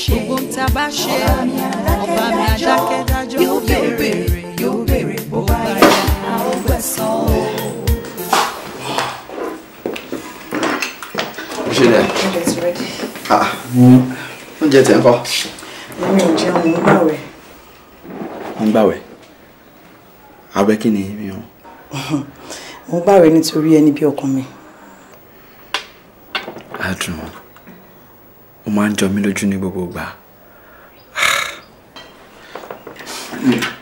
ṣe gbogbo ń ta bá ṣe ọba mi adákẹ́dájọ́ yóò béèrè yóò béèrè bó bá yẹ àwọn gbẹ̀san o. ṣe dẹ oúnjẹ ah, tẹ ń kọ. èmi ò jẹun mo ń gbàwẹ̀. mo ń gbàwẹ̀ àwẹ̀ kí ni mi ò. mo ń gbàwẹ̀ nítorí ẹni bí ọkàn mi. adùn ó máa ń jọ mí lójú ní gbogbo ìgbà.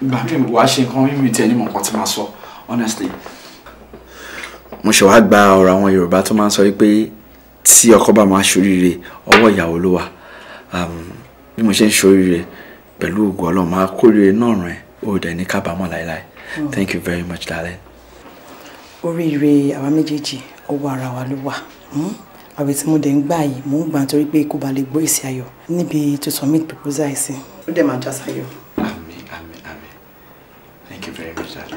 ìgbà mi wàá ṣe nǹkan mímu tí ẹni mọ̀ nǹkan tí màá sọ honestly. mo ṣe wàá gba ọ̀rọ̀ àwọn Yorùbá tó máa ń sọ wípé tí ọkọ bá máa ṣoríire ọwọ́ ìyàwó ló wà bí mo ṣe ń ṣoríire pẹ̀lú ògùn Ọlọ́run máa kórìíre náà rẹ̀ ó dẹ̀ ní kábàámọ̀ láéláé hmm. thank you very much darling. oríire àwa méjèèjì ọwọ́ ara wa ló wà. Hmm? àwẹ̀ tí mo dẹ̀ ń gbà yìí mò ń gbà nítorí pé kò bá lè gbọ́ èsì ayọ̀ níbi to submit proposal ẹ̀ sí. ó dẹ̀ máa já sáyọ̀. àmín àmín àmín thank you very much dad.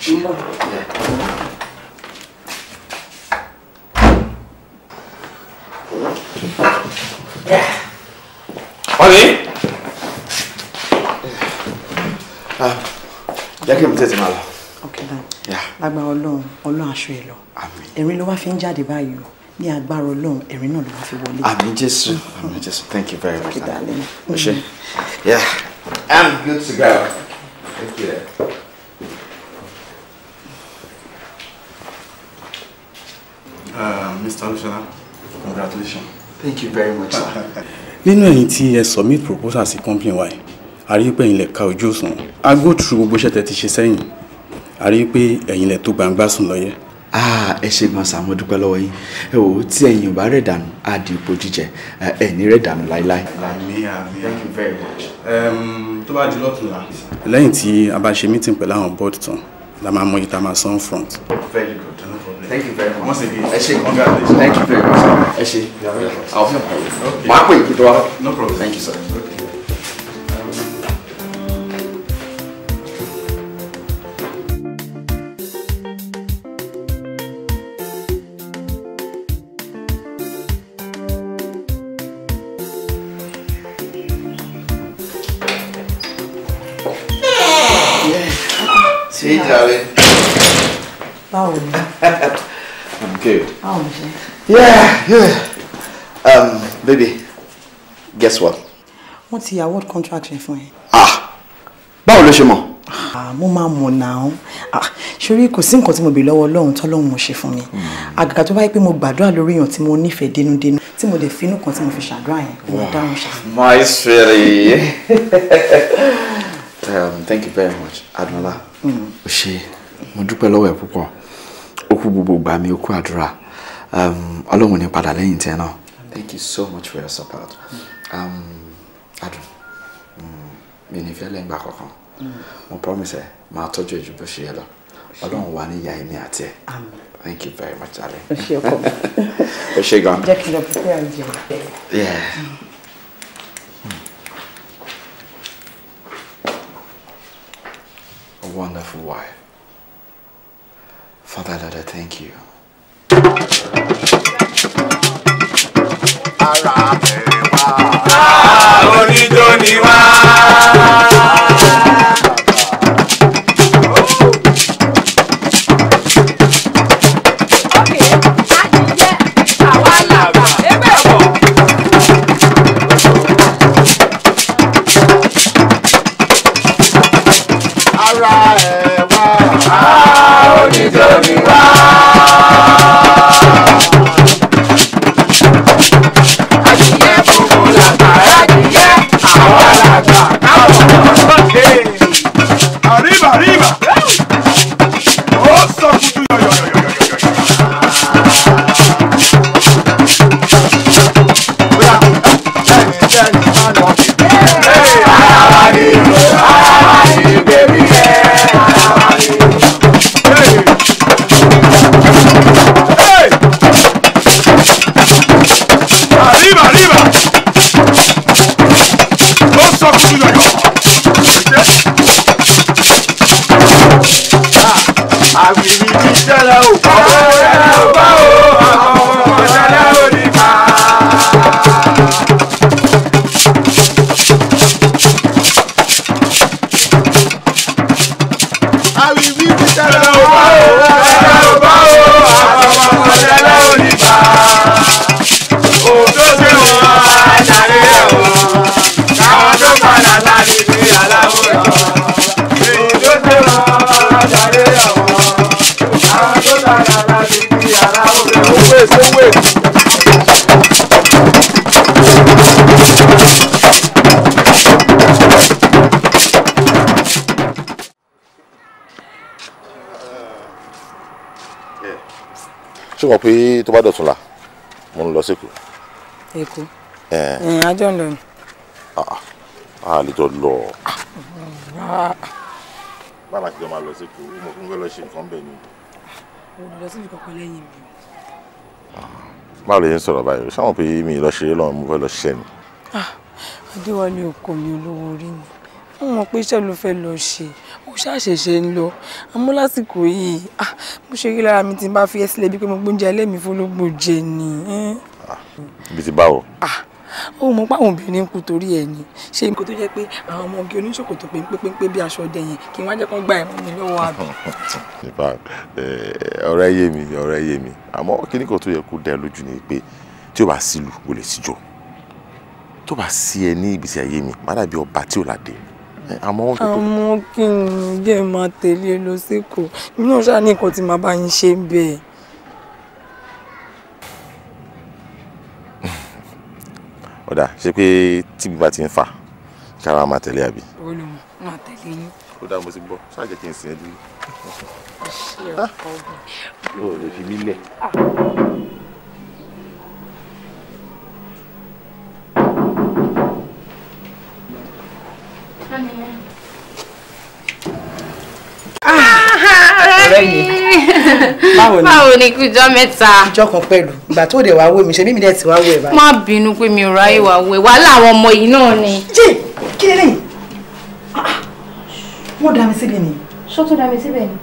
Ṣùgbọ́n. Ọ̀rẹ́. Ah, jẹ́ kí n tètè máa lọ lágbára ọlọ́run ọlọ́run aṣọ ẹ̀ lọ ẹ̀rín ló wá fi ń jáde báyìí o ní agbára ọlọ́run ẹ̀rín náà ló wá fi wọlé. àmín jésù àmín jésù thank you very much. kìdálẹ́ o ṣe yeah i'm good to go thank you. Uh, Mr. Olusola, congratulations. Thank you very much, sir. Nínú ẹ̀yin tí ẹ submit proposal sí company wa, a rí pé ẹ̀yin lè ka ojú òṣùwọ̀n. A go through gbogbo iṣẹ́ tẹ́ ti ṣe sẹ́yìn a rí i pé ẹ̀yin lẹ̀ tó gbangba sùn lọ́yẹ́. ẹ ṣe gan sàmọ́ dúpẹ́ lọ́wọ́ yín ẹ tí ẹ̀yin ò bá rẹ̀ dànù á di ipò jíjẹ ẹ̀ní rẹ̀ dànù láíláí. thank you very much. tó bá di lọ́tùnla. lẹ́yìn tí a bá ṣe meeting pẹ̀lú àwọn board tán la máa mọ iye tá a máa san front. very good no problem. thank you very much. once again ẹ ṣe congratulations. thank you very much. ẹ ṣe àwọn fẹ́ pàrọ̀. máa pè é kí tó wá. no problem. thank you sir. Okay. How Yeah, yeah. Um, baby, guess what? What's ti award contraction for fún Ah, báwo ló ṣe mọ̀? Ah, mo máa mọ̀ náà ṣorí ah, kò sí nǹkan tí mo bè lọ́wọ́ ọlọ́run tọ́lọ́run mo ṣe fún mi àgàgà tó bá yẹ pé mo gbàdúrà lórí èèyàn tí mo nífẹ̀ẹ́ dénúdénú tí mo lè finú kan tí mo fi ṣàdúrà yẹn mo dáhùn ṣàfihàn. my sweetie um, thank you very much Admola mm. o ṣe mo dúpẹ́ lọ́wọ́ ẹ̀ púpọ̀ ó gbogbo ìgbà mi ó adura. àdúrà. Um, ọlọ́run ní padà lẹ́yìn tiẹ̀ náà thank you so much for your support mm. um, adùn mm, mi ní fẹ́ lẹ́yìn gbà kankan mm. mo promise ẹ máa tọ́jú ẹ ju bó ṣe yẹ lọ ọlọ́run wà ní ìyá ẹ̀mí àti ẹ̀ thank you very much darling. o ṣe ọkọ mi o ṣe gan. jẹ́ kí n lọ bí pé àìjẹ́ rẹ̀. A wonderful wife. Father, Lord, I thank you ara bẹ̀rẹ̀ wá. Ah, oníjó ni mọ̀ pé tó bá dọ̀tún la mo ń lọ sí Èkó. Èkó ẹ̀ẹ́n àjọ ń lọ ni. a lè jọ lọ. bàbá ah, ah. ti jọ máa lọ sí Èkó mo fún fẹ́ lọ ṣe nǹkan bẹ́ẹ̀ ni. olùlọ sí ìkọ̀kọ̀ lẹ́yìn mi. báwo lè ń sọ̀rọ̀ báyìí ṣáwọn pé mi lọ ṣeré lọ́wọ́ mo fẹ́ lọ ṣiṣẹ́ ni. Ah, Adéwálé ọkọ mi olówó orí ni wọ́n mọ̀ pé iṣẹ́ ló fẹ́ lọ ṣe ṣàṣẹ̀ṣẹ̀ ń lọ àmọ́ lásìkò yìí mo ah, ṣe rí lára mi tí n bá fi ẹ́ sílẹ̀ bí pé mo gbóúnjẹ ẹlẹ́mìí fọlọ́gbò jẹ ni. bí ti báwo. ó mọ pé àwọn obìnrin ń kú torí ẹ ni ṣé nǹkan tó jẹ́ pé àwọn ọmọge oníṣòkòtò péńpéńpé bí aṣọ ọdẹ yẹn kí wọ́n á jẹ́ kó gba ẹ̀mú mi lọ́wọ́ àbí. Eh, ọ̀rẹ́ yé mi ọ̀rẹ́ yé mi àmọ́ kíní kan tó yẹ kó dá lójú ni pé tí o bá sílù o lè síjọ tó bá sí ẹ ní ìgbésí ayé mi má dàbí ọba tí ò ládé àmọ́ àmọ́ kí n jẹ́ máa tẹ̀lé lọ sẹ́kọ̀ọ́ mi náà ṣáà ní nǹkan tí màá bá yín ṣe ń bẹ̀. ọ̀dà ṣé pé tíbi bá ti ń fà kára máa tẹ̀lé àbí. olùmọ̀ máa tẹ̀lé yín. ó dáa mo ti gbọ́ ṣáà jẹ́ kí n sìn ẹ́ dúró. ṣé ọkọ ọgbìn. o ò lè fi mí lẹ̀. Ah. báwo ni báwo ni kújọ mẹ́ta. ìjọ kan pẹ̀lú ìgbà tó dẹ̀ wá wò mí ṣe mímí dẹ̀ ti wá wò ẹ̀ báyìí. má bínú pé mi ò ráyè wá wò ẹ̀ wàhálà àwọn ọmọ yìí náà ni. jẹ kí lè lẹ́yìn wọn dá mi síbẹ̀ ni. ṣó tó dá mi síbẹ̀ ni.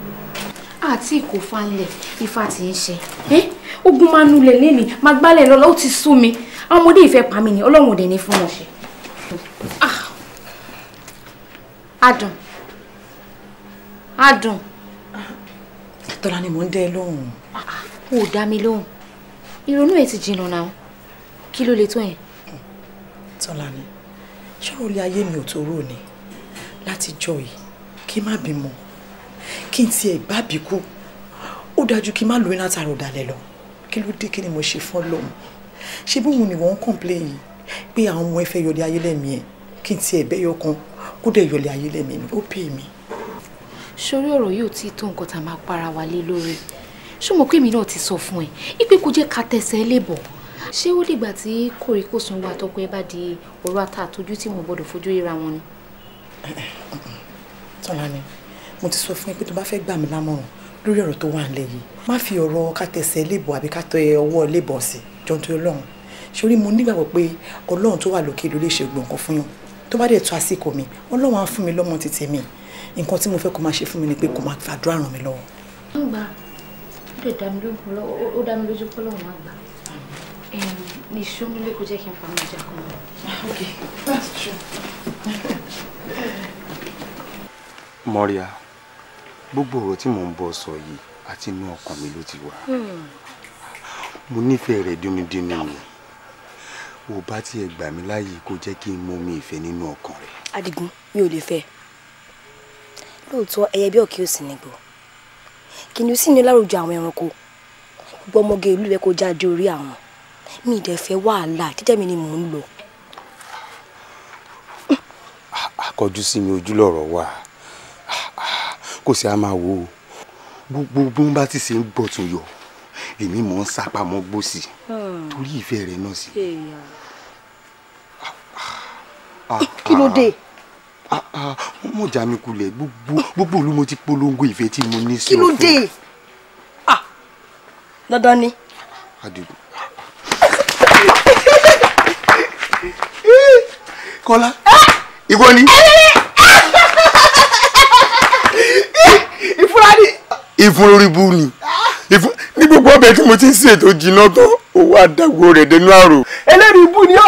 àti ìkó falẹ̀ ifá ti ń ṣe ogun máa nulẹ̀ lẹ́ni máa gbálẹ̀ lọ́la ó ti sú mi àwọn ọmọdé ìfẹ́ pa mí ni ọlọ́run ò dẹ̀ ní fún wọn ah. adùn adùn. Tọ́lá ni mò ń dẹ́ lóhùn. Ó dá mi lóhùn. Ìrònú ẹ̀ ti jìnnà náà. Kí ló le tó yẹn? Tọ́lá ni, ṣọ́rọ̀ ilé ayé mi ò tó rò ni. Láti jọ yìí, kí má bímọ, kí n tiẹ̀ gbá bíkú. Ó dájú kí n má lóyún látara ọ̀dàlẹ̀ lọ. Kí ló dé kí ni mo ṣe fún Ọlọ́run? Ṣé bí òun ni wọ́n ń kọ̀ǹplé yìí pé àwọn ọmọ ẹ fẹ́ yọlé ayé lẹ́mìí ẹ̀ kí n tiẹ̀ bẹ́yọ̀ kan kó dẹ̀ yọlé ayé lẹ́mìí ó pè mí sórí ọ̀rọ̀ yóò ti tó nǹkan tá a máa para wa lé lórí ṣé mo pé èmi náà ti sọ fún ẹ ipe kò jẹ́ ká tẹsẹ̀ lébọ̀ ṣé ó dìgbà tí kòríkòsùn wa tọkọ ẹ bá di ọ̀rọ̀ ata àtọjú tí mo gbọ́dọ̀ fojú ríra wọn ni. tọ́lá ni mo ti sọ fún ẹ pé tó bá fẹ́ gbà mí lámọ̀ràn lórí ọ̀rọ̀ tó wà nílẹ̀ yìí má fi ọ̀rọ̀ ká tẹsẹ̀ lébọ̀ àbí ká tẹ ọwọ́ lébọ̀ sí jọ́n tó lọ́run ṣorí mo nígbàgbọ́ pé ọlọ́run tó wà lókè ló lè ṣe gbọ̀ǹkan fún yàn tó bá dẹ̀ tó àsìkò mi ọlọ́run á fún mi lọ́mọ títí mi nǹkan tí mo fẹ́ kó máa ṣe fún mi ni pé kó máa fàdúrà ràn mí lọ́wọ́. ń gbà ó dẹ̀ dá mi lójú ó dá mi lójú pé lọ́wọ́ máa gbà ní ìṣómílẹ̀ kò jẹ́ kí n fa mi jà kan. okay that's true. Mọ́ríà gbogbo ọ̀rọ̀ tí mò ń bọ̀ sọ yìí àti inú ọkàn mi ló ti wà. Hmm. mo nífẹ̀ẹ́ rẹ̀ dúnúdúnú ni ò bá tiẹ̀ gbà mí láàyè kó jẹ́ kí n mọ omi ìfẹ́ nínú ọkàn rẹ̀. Adigun mi ò lè fẹ́ ẹ lóòótọ́ ẹyẹ bí ọ̀kẹ́ òsì nìgbò kìnìún sì ní láròjọ àwọn ẹranko gbogbo ọmọge ìlú rẹ kò jáde orí àwọn mi ìdẹ̀fẹ́ wàhálà jíjẹ́ mi ni mò ń lọ. akọjú sí mi ojú lọ̀rọ̀ wà kò sí a máa wo gbogbo bí wọ́n bá ti ṣe ń gbọ̀ tún yọ èmi mò ń sápamọ́ gbòsì hmm. torí ìfẹ́ rẹ náà sí. Ah, ah, ah, kí ló dé wọ́n mọ̀ já mi kulẹ̀ gbogbo gbogbo olú mo ti polongo ìfẹ́ tí mo ní sí ọ fún. kí ló dé ah, dandan ni. adigun. kọ́lá ìwọ ni. ìfúra ni. ìfún lórí bú ni ní gbogbo ọbẹ̀ tí mo ti ń sè tó jiná tán owó àdàgbò rẹ̀ dẹnu àrò. ẹlẹ́rìí bú ni ó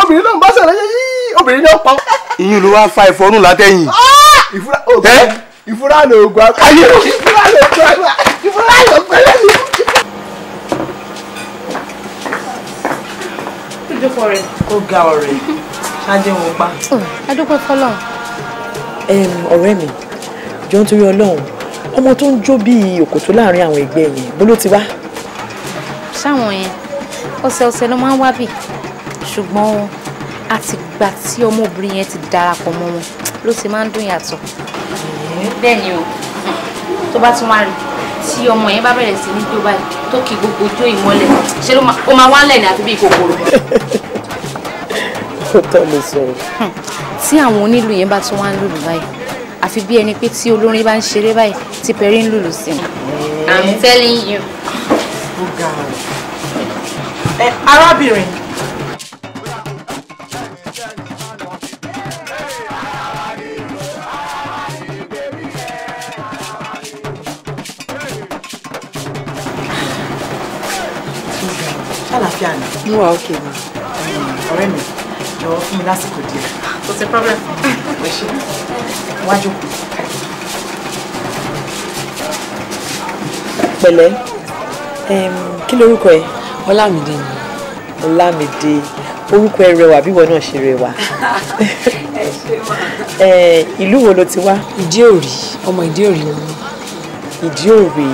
obìnrin náà ń bá sọ̀rọ̀ yẹ́yẹ́ obìnrin náà pa. ìyín ló wá fa ìfọ́nù látẹ̀yìn. Ah! ìfúra ló gba ayé ìfúra ló gba ìfúra ló gba lẹ́nu. dúpọ̀ rẹ̀. ó ga ọ̀rẹ́ ṣáájú wọn pa. ẹ hmm, dúpẹ́ fọlọ́. ọ̀rẹ́ mi jọ ń torí ọlọ́run ọmọ tó ń jó bíi òkòtó láàrin àwọn ẹgbẹ́ yẹn bó ló ti wá. sáwọn yẹn ọ̀sẹ̀ ọ̀sẹ̀ ló máa ń wá bì ṣùgbọ́n àtìgbà tí ọmọbìnrin yẹn ti darapọ̀ mọ́ wọn ló ti máa ń dùn yàtọ̀. bẹ́ẹ̀ ni o tó bá tún máa rí tí ọmọ yẹn bá bẹ̀rẹ̀ sí ní tó báyìí tó kì gbogbo ojó ìmọ́lẹ̀ ṣé ló máa wálẹ̀ ní àti bí ìkòkòrò. ó tọ́ mi sọ̀rọ̀. Hmm. tí àwọn onílù yẹn bá tún wá ń lùlù báyìí àfi bí ẹni pé tí olórin bá ń ṣeré báyìí tí pẹ̀rí ń lùlù sí i. I'm telling you. arábìnrin mo wà òkè mi. ọ̀rẹ́ mi jọ fún mi lásìkò díẹ̀. kò problem. ẹ ṣe wájú. pẹ̀lẹ́ kí lorúkọ ẹ. ọlámídé ni. ọlámídé orúkọ ẹ rẹwà bí ìwọ náà ṣe rẹwà. ìlú wo ló ti wá. ìdíòrí ọmọ ìdíòrí ni. ìdíòrí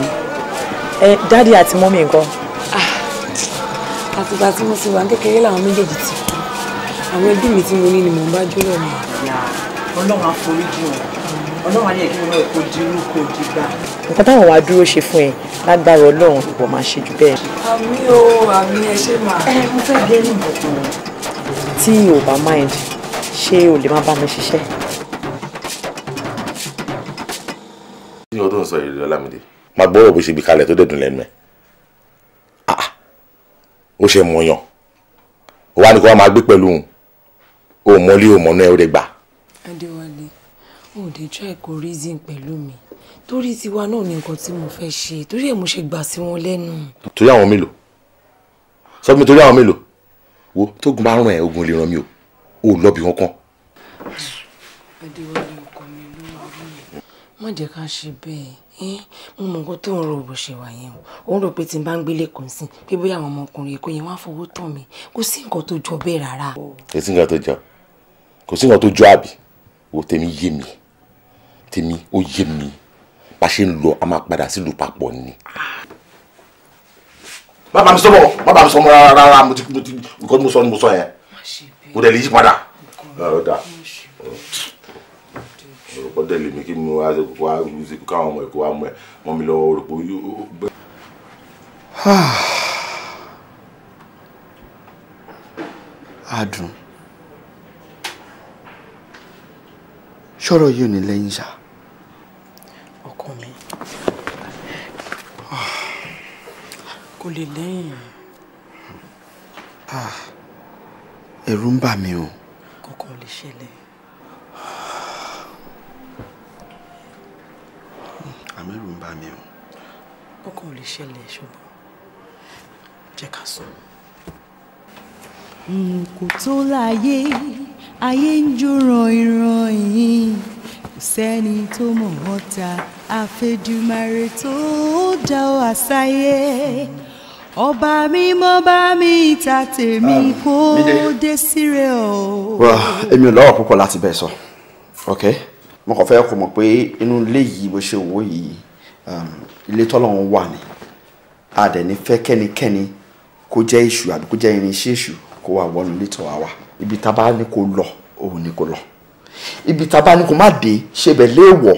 dádì àti mọ́mì nǹkan àtìgbà tí mo ti wà kékeré làwọn méjèèjì ti àwọn ẹbí mi tí mo ní ni mò ń bá jó lọ́nà. ọlọ́run àforíjì wọn ọlọ́run ayé kí wọ́n kò di irú kò di gbà. nǹkan táwọn wàá dúró ṣe fún ẹ lágbára ọlọ́run kò máa ṣe jù bẹ́ẹ̀. àmì o àmì ẹ ṣe máa. ẹ mo fẹ́ gé ní ìbùkún. tí o bá mind ṣé o lè má bá mi ṣiṣẹ́. ní ọdún sọ èrè ọlámídé. máa gbọ́rọ̀ bó ṣe bí kalẹ̀ tó dẹ̀dùn lẹ́nu ẹ̀ ó ṣe mọ̀yàn wà ní kó wà máa gbé pẹ̀lú òun ó mọ́lé ò mọ́nú ẹ̀ ó lè gbà. adéwálé ò dé try kó reason pẹ̀lú mi torí tiwa náà ni nǹkan tí mo fẹ́ ṣe torí ẹ̀ mo ṣe gbà sí wọn lẹ́nu. torí àwọn mélòó sọ fún mi torí àwọn mélòó wo tógun bá ràn ẹ́ ogun lè ràn mí o ò lọ bí wọn kàn. adéwálé ọkọ mi ló wà lóyè má jẹ́ ká ṣe bẹ́ẹ̀ mo mọ nǹkan tó ń ro bó ṣe wà yẹn o ó ń rò pé tí n bá ń gbélé kò sí pé bóyá àwọn ọmọkùnrin èkó yẹn wá fowó tàn mí kò sí nǹkan tó jọ bẹ́ẹ̀ rárá. kò sí nǹkan tó jọ kò sí nǹkan tó jọ àbí wo tèmi yé mi tèmi ó yé mi bá ṣe ń lọ a máa padà sílùú papọ̀ ni. má bàa mi sọ́mọ́ má bàa mi sọ́mọ́ rárá rárá mo ti mo ti nǹkan tí mo sọ ni mo sọ yẹn mo dẹ̀ yí padà orúkọ dẹ̀lé mi kí mi wá ṣe kókó wá lu sí kókó àwọn ọmọ ẹ̀kọ́ wá mọ ẹ̀ mọ́ mi lọ́wọ́ orúkọ yóò gbẹ. adùn ṣọ́rọ̀ yìí ò ní lẹ́yìn ṣá. ọkọ mi kò lè lẹ́yìn. Ah, ẹ̀rù ń bà mí o. kọ̀ọ̀kan lè ṣẹlẹ̀. àmẹ́rù ń bà mí o. ọkàn ò lè ṣẹlẹ̀ ṣùgbọ́n jẹ́ ká sọ. kò tó láyé ayé ń jó ràn-ìràn-ìyìn kò sẹ́ni tó mọ̀ wọ́n ta àfẹ́dùmarè tó dá wa sáyé ọba mímọ́ bá mi ta tèmi um, kó dé síre o. èmi ò lọ́wọ́ púpọ̀ láti bẹ́ẹ̀ sọ okay mo kàn fẹ́ kó mọ̀ pé inú ilé yìí bó ṣe wò yìí um, ilé tọ́lọ́run wà ní àdẹ̀ kẹ́nikẹ́ni kó jẹ́ èṣù àbí kó jẹ́ irinṣẹ́ èṣù kó wà wọnú ilé tó wà ibi tá a bá ní kó lọ òun ni kó lọ ibi tá a bá ní kó má dé ṣe bẹ̀ léèwọ̀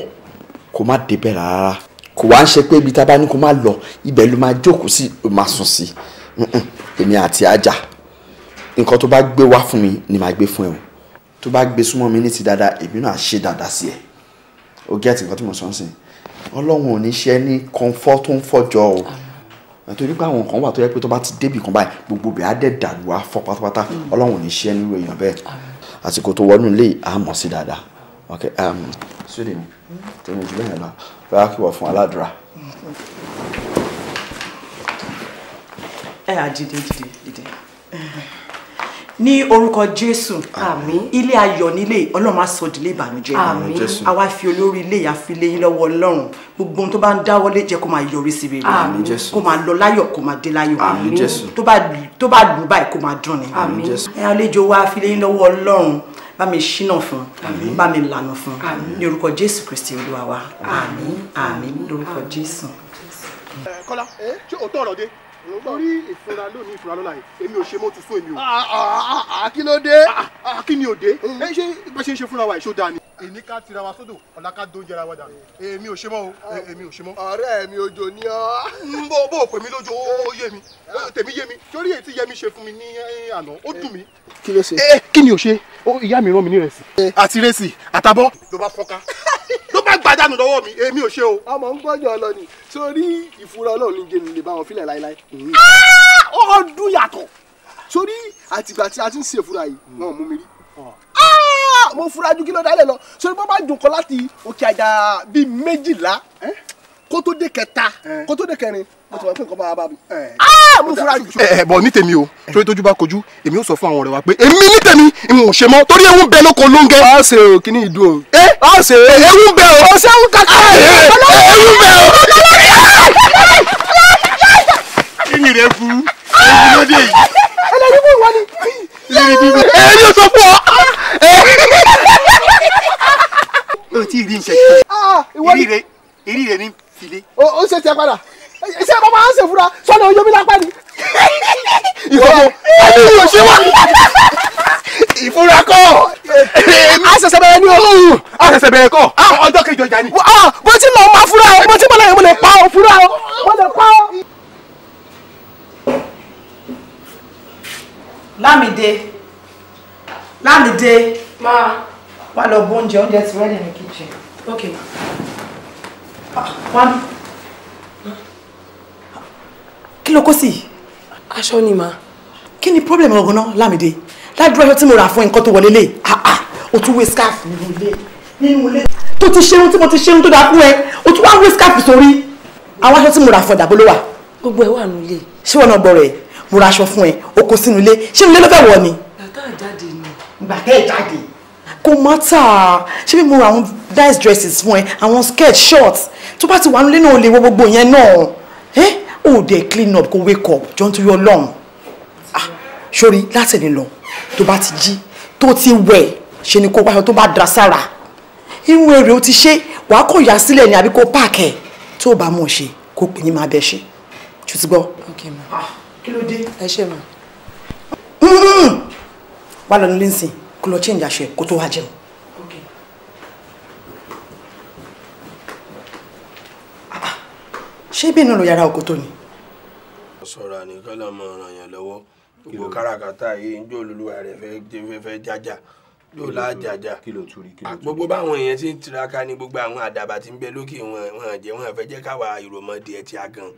kó má débẹ̀ rárá kò wá ń ṣe pé ibi tá a bá ní kó má lọ ibẹ̀ ló máa jókòó sí ló máa sùn sí èmi àti ajá nǹkan tó bá gbé wá fún mi ni màá gbé fún ẹ o tó bá gbé súnmọ́ mi ní ti dáadáa èmi náà ṣe dáadáa sí ẹ o get nǹkan tí mo sọ ń sìn ọlọ́run ò ní ṣe ní comfort tó ń fọjọ́ o nítorí pé àwọn nǹkan wà tó yẹ pé tó bá ti débì kan báyìí gbogbo bẹ̀ á dẹ̀ dàrú wá fọ́ pátápátá hmm. ọlọ́run ò ní ṣe nírú èèyàn bẹ́ẹ̀ àsìkò tó wọnú ilé àmọ̀ sí dáadáa ok um, sóde mi hmm. tèmi jù bẹ́ẹ̀ lọ bá kí wọ́n fún aládùra. Hmm. ẹ àdìdì dìde dìde ní orúkọ jésù àmín ilé ayọ̀ nílé ọlọ́run á sọ ìdílé ìbànújẹ́ àmín àwa fi olórí ilé ìyá fi léyìn lọ́wọ́ ọlọ́run gbogbo ohun tó bá ń dáwọ́lé jẹ́ kó máa yọrí sí rere àmín kó máa lọ láyọ̀ kó máa dé láyọ̀ tó bá lù báyìí kó máa dùn ni àmín ẹ wa fi léyìn lọ́wọ́ ọlọ́run bá mi ṣínà fún bá mi lànà fún ní orúkọ jésù kristi olúwa wa àmín àmín lórúkọ jésù. kọ́lá ṣé òótọ́ ọ̀rọ̀ dé lórí ìfura lónìí ìfura lọ́la yìí èmi ò ṣe mo tún èmi o. Ah, ah, ah, kí ló dé. kí ni òde mm. ẹ ṣe bá ṣe ń ṣe fúnra wa ìṣó dání. ìní ká tira wa sódò ọ̀la ká dóúnjẹ ra wa dànù èmi ò ṣe mọ́ o èmi ò ṣe mọ́. ọ̀rẹ́ mi ojo ni ọ́. Mm, bó bó pè mí lójú ó yé mi tèmi yé mi torí èyí tí yé mi ṣe fún mi ní àná ó dùn mí. kí ló ṣe. Eh, kí ni ò ṣe ìyá mi rán mi ní rẹsì. Eh. àti rẹsì àtàbọ̀ ló bá fọ́nká ló bá gbàdánù lọ́wọ́ mi èmi ò ṣe o. ọmọ ń gbọ́jọ lọ ni sórí ìfura ọlọ́run ní jẹ́ni lè bá wọn filẹ̀ láéláé. ọdún yàtọ̀ sórí àtìgbà tí a ti ń ṣe ìfura yìí hmm. wọn ò mú mi rí. mo fura ju kí ló dálẹ̀ lọ sórí bó bá jòkó láti òkè àjà bíi méjìlá kó tó dé kẹta kó tó dé kẹrin mo ti mọ̀ pé nǹkan máa bá mi. Eh. Ah! mo fura jù. ẹ ní tèmi o eh. torí tójú bá kojú èmi ò sọ fún àwọn ọ̀rẹ́ wa pé èmi ní tèmi n ò ṣe mọ torí ewu ń bẹ lóko lóńgẹ. a ṣe o kí ni ìdú o. ẹ eh, a ṣe o ewu ń bẹ o. o ṣe ń kàkà ẹ ah, ewu ń bẹ o. kí ni rẹ fún ewu lóde yìí. ẹlẹ́ni mú ìwọ ni. ẹ̀ẹ́dì ò sọ fún ọ. o ti rí nǹkan kan ah, ìrí rẹ ní filé. o ṣe tiẹ̀ padà ṣé ẹ bá máa ń ṣe fúnra sọ́nà oyè mi lápá ni. ìfọwọ́ àbí ìwò ṣé wà. ìfúra kọ́. a ṣẹ̀ṣẹ̀ bẹ̀rẹ̀ ni o. a ṣẹ̀ṣẹ̀ bẹ̀rẹ̀ kọ́. Ah, ọjọ́ kejì ọjà ni. bó ah, ti lọ máa fúra o bó ti bọ́lá yẹn mo lè pa o fúra o mo lè pa o. Lámìdé Lámìdé. máa. wà á lọ bóúnjẹ oúnjẹ ti rẹ́ẹ̀dì ní kìchìn. ok. Ah, one kí ló kó sí. aṣọ ni mà. kí ni problem ọ̀gán náà lámìdé ládùúgbò aṣọ tí mo rà fún nǹkan tó wọlé lé ah, ah, o tún wé scarf nínú ilé nínú ilé tó ti ṣeun tí mo ti ṣeun tó dáa fún ẹ o tún wá wé scarf sórí àwọn aṣọ tí mo rà fún ẹ dàbó ló wà. gbogbo ẹ wà nù ilé. ṣé wọn náà gbọ́ rẹ̀ mo ra aṣọ fún ẹ o kò sínú ilé ṣé ilé ló fẹ́ wọ̀ ni. bàtà jáde ni. bàtà jáde. kò mọ́tà ṣé bí mo ra àwọn nice dresses fún ẹ àwọn skirt shorts tó bá ti wà nílé náà lè ó dẹ̀ clean up Go wake up jọ your lung? ah sori látẹ̀lé lọ tó bá ti ji, tó ti wẹ̀ ṣe ni kó wáyọ tó bá dra sára irun èrè ó ti ṣe wàá kò yà sílẹ̀ ni àbí kó páàkì ẹ̀ tó bá mọ̀ ṣe kó pè ní máa bẹ ṣe ṣùtì gbọ́. ok ma Ah, kilo dé ẹ ṣe ma. wà á lọ nílé nsìn kó lọ change aṣọ ẹ kó tó wá ṣé bí inú ló yàrá oko tó ni. sọ̀rọ̀ àníkàn lọ mọ ràn yàn lọ́wọ́ gbogbo káràkátà yìí ń jó olúwa rẹ̀ fẹ́ fẹ́ jájà ló lájàjà àgbogbo báwọn èèyàn ti ń tiraka ní gbogbo àwọn àdàbà tí ń bẹ lókè wọn wọn jẹ wọn fẹ́ jẹ́ káwa ìròmọdé ẹ ti àgàn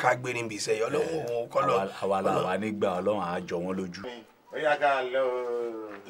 ká gbé níbi iṣẹ́ Ọlọ́run òun kọlọ. àwa làwa nígbà Ọlọ́run àjọ wọn lójú. ó yá ká lọ.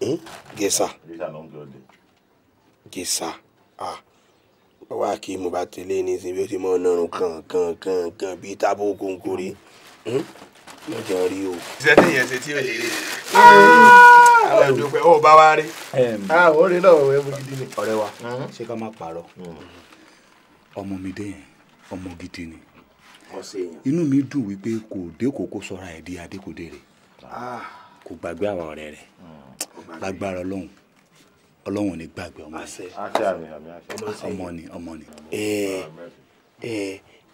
Hmm? gẹ̀sà gẹ̀sà ah. wá kí mo bá tẹ̀lé ní sin bí ó ti kan kan kankan kankan bíi tábò kòǹkòrè lọ́jọ́ hmm? rí o. iṣẹ́ tí ìyẹn ṣe tí ò lè rí àwọn ah! ìdúpẹ́ ó bá wá rí. àwọn orin ah, náà wọ́n mú gidi ni. ọ̀rẹ́ wa hmm? ṣé ká má parọ́ ọmọ mi dé yẹn ọmọ gidi ni inú mi dùn wípé kò dé kókó sọ́ra ẹ̀ di adékòdé rẹ̀ kò gbàgbé àwọn ọ̀rẹ́ rẹ̀ lágbára ọlọ́run ọlọ́run ò ní gbàgbé ọmọ rẹ̀ ọmọ ni ọmọ ni. ẹ ẹ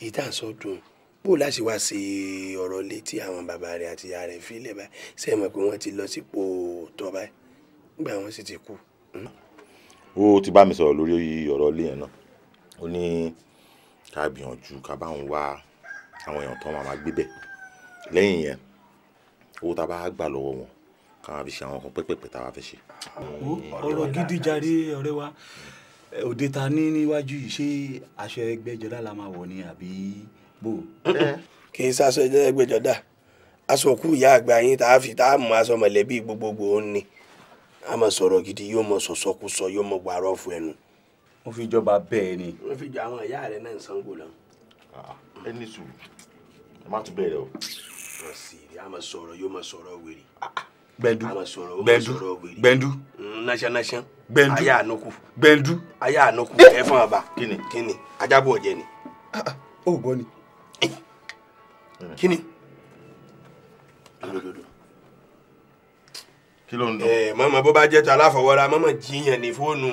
ìtàsọ́dún bó o láti wá sí ọ̀rọ̀ létí àwọn bàbá rẹ̀ àti ìyá rẹ̀ fílẹ̀ báyìí ṣe é mọ̀ pé wọ́n ti lọ sípò tọ́ báyìí nígbà wọn sì ti kú. Hmm? ó ti bá mi sọ̀rọ̀ lórí ọ̀rọ̀ ilé yẹn náà ó ní ká gbìyànjú ká bá òun wá àwọn èèyàn tó máa gbé bẹ̀ lẹ́yìn yẹn owó tá a bá gbà lọ́wọ́ wọn ká fi ṣe àwọn kan pẹ́pẹ́pẹ́ tá a bá fẹ́ ṣe. ọ̀rọ̀ gidi jàre ọ̀rẹ́ wa òde ta ní níwájú yìí ṣé aṣọ ẹgbẹ́jọdá la máa wọ̀ ni àbí bò. kì í sáṣọ ẹgbẹ́jọdá aṣọ òkú ìyá àgbà yín tá a fi tá a mú aṣọ mọ̀lẹ́bí gbogbogbò ó ní a máa sọ̀rọ̀ gidi yóò mọ sọ̀sọ́kùsọ yóò mọ gbàrọ̀ fún ẹnu. mo fi jọba bẹ́ẹ̀ ni. mo fi jọ àwọn ìyá rẹ náà ń sango lọ. ẹni ah, sùn ẹ má tún bẹ̀rẹ̀ o sọ sí i máa sọ̀rọ̀ yóò máa sọ̀rọ̀ wèrè. Ah, ah, gbẹ̀ndu gbẹ̀ndu gbẹ̀ndu mm, naṣanaṣan gbẹ̀ndu aya ànukù gbẹ̀ndu aya ànukù ẹ fún wa bá kíni kíni ajábọ̀ ọ̀jẹ̀ ni. ó ah, gbọ́ ni. Eh. kíni. kí ló ń dún. ẹ eh, mọ̀mọ́ bó bá jẹ́ ta aláfọwọ́ra mọ̀mọ́ jiyàn ní fóònù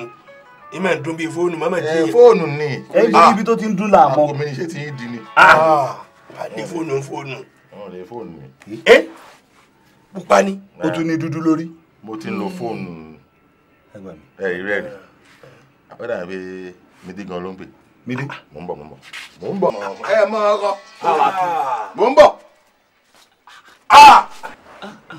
ìmọ̀ ń dún bíi fóònù mọ́mọ́ jí. Eh, fóònù ni. ẹ jẹ́ ibi tó ti ń dún làmọ́. àpò mi ni ṣé ti ń di ni. àdé fóònù fóònù wọn lè fóònù mi. ẹ pupa ni o tún ní dúdú lórí. mo ti ń lo fóònù ẹ ìrẹ́ rẹ̀ àpẹẹrẹ àbí mídí gan ló ń pè. mídí. Ah, mo ń bọ̀ mo ń bọ̀ mo ń bọ̀. ẹ mọ ọkọ mo ń bọ̀. Ah!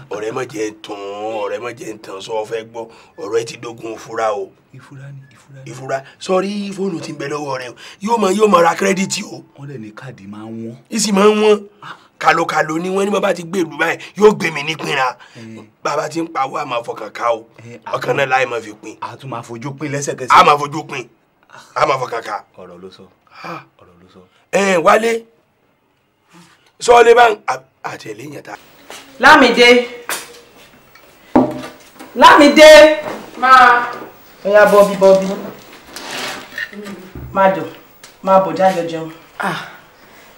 ọ̀rẹ́ mọ̀ jẹ́ tán ọ̀rẹ́ mọ̀ jẹ́ tán sọ fẹ́ gbọ́ ọ̀rọ̀ ẹ ti dógún ìfura o. ìfura ni ìfura ni. ìfura sọrí fóònù ti ń bẹ lọ́wọ́ rẹ o yóò máa yóò máa ra kírẹ́díìtì o. wọ́n lè ní káàdì máa ń wọ́n. ìsì máa ń wọ́n. Ah! kalokalo ni wọn ní bàbá ti gbèrú báyìí yóò gbé mi nípínra eh. bàbá ti ń pawó àmọ́ fọkàn ká o eh, ọkàn náà láì máa fi pin. a tún máa fojú pin lẹ́sẹ̀kẹsẹ̀. a máa fojú pin a máa fọkàn ká. ọ̀rọ̀ ló sọ ọ̀rọ̀ ló sọ. ẹ wálé sọ́ọ́lé bá àti ẹ̀ léyìn ta. lámìdé lámìdé máa. ó yá bọ́bí bọ́bí jọ má bọ̀ jáde ah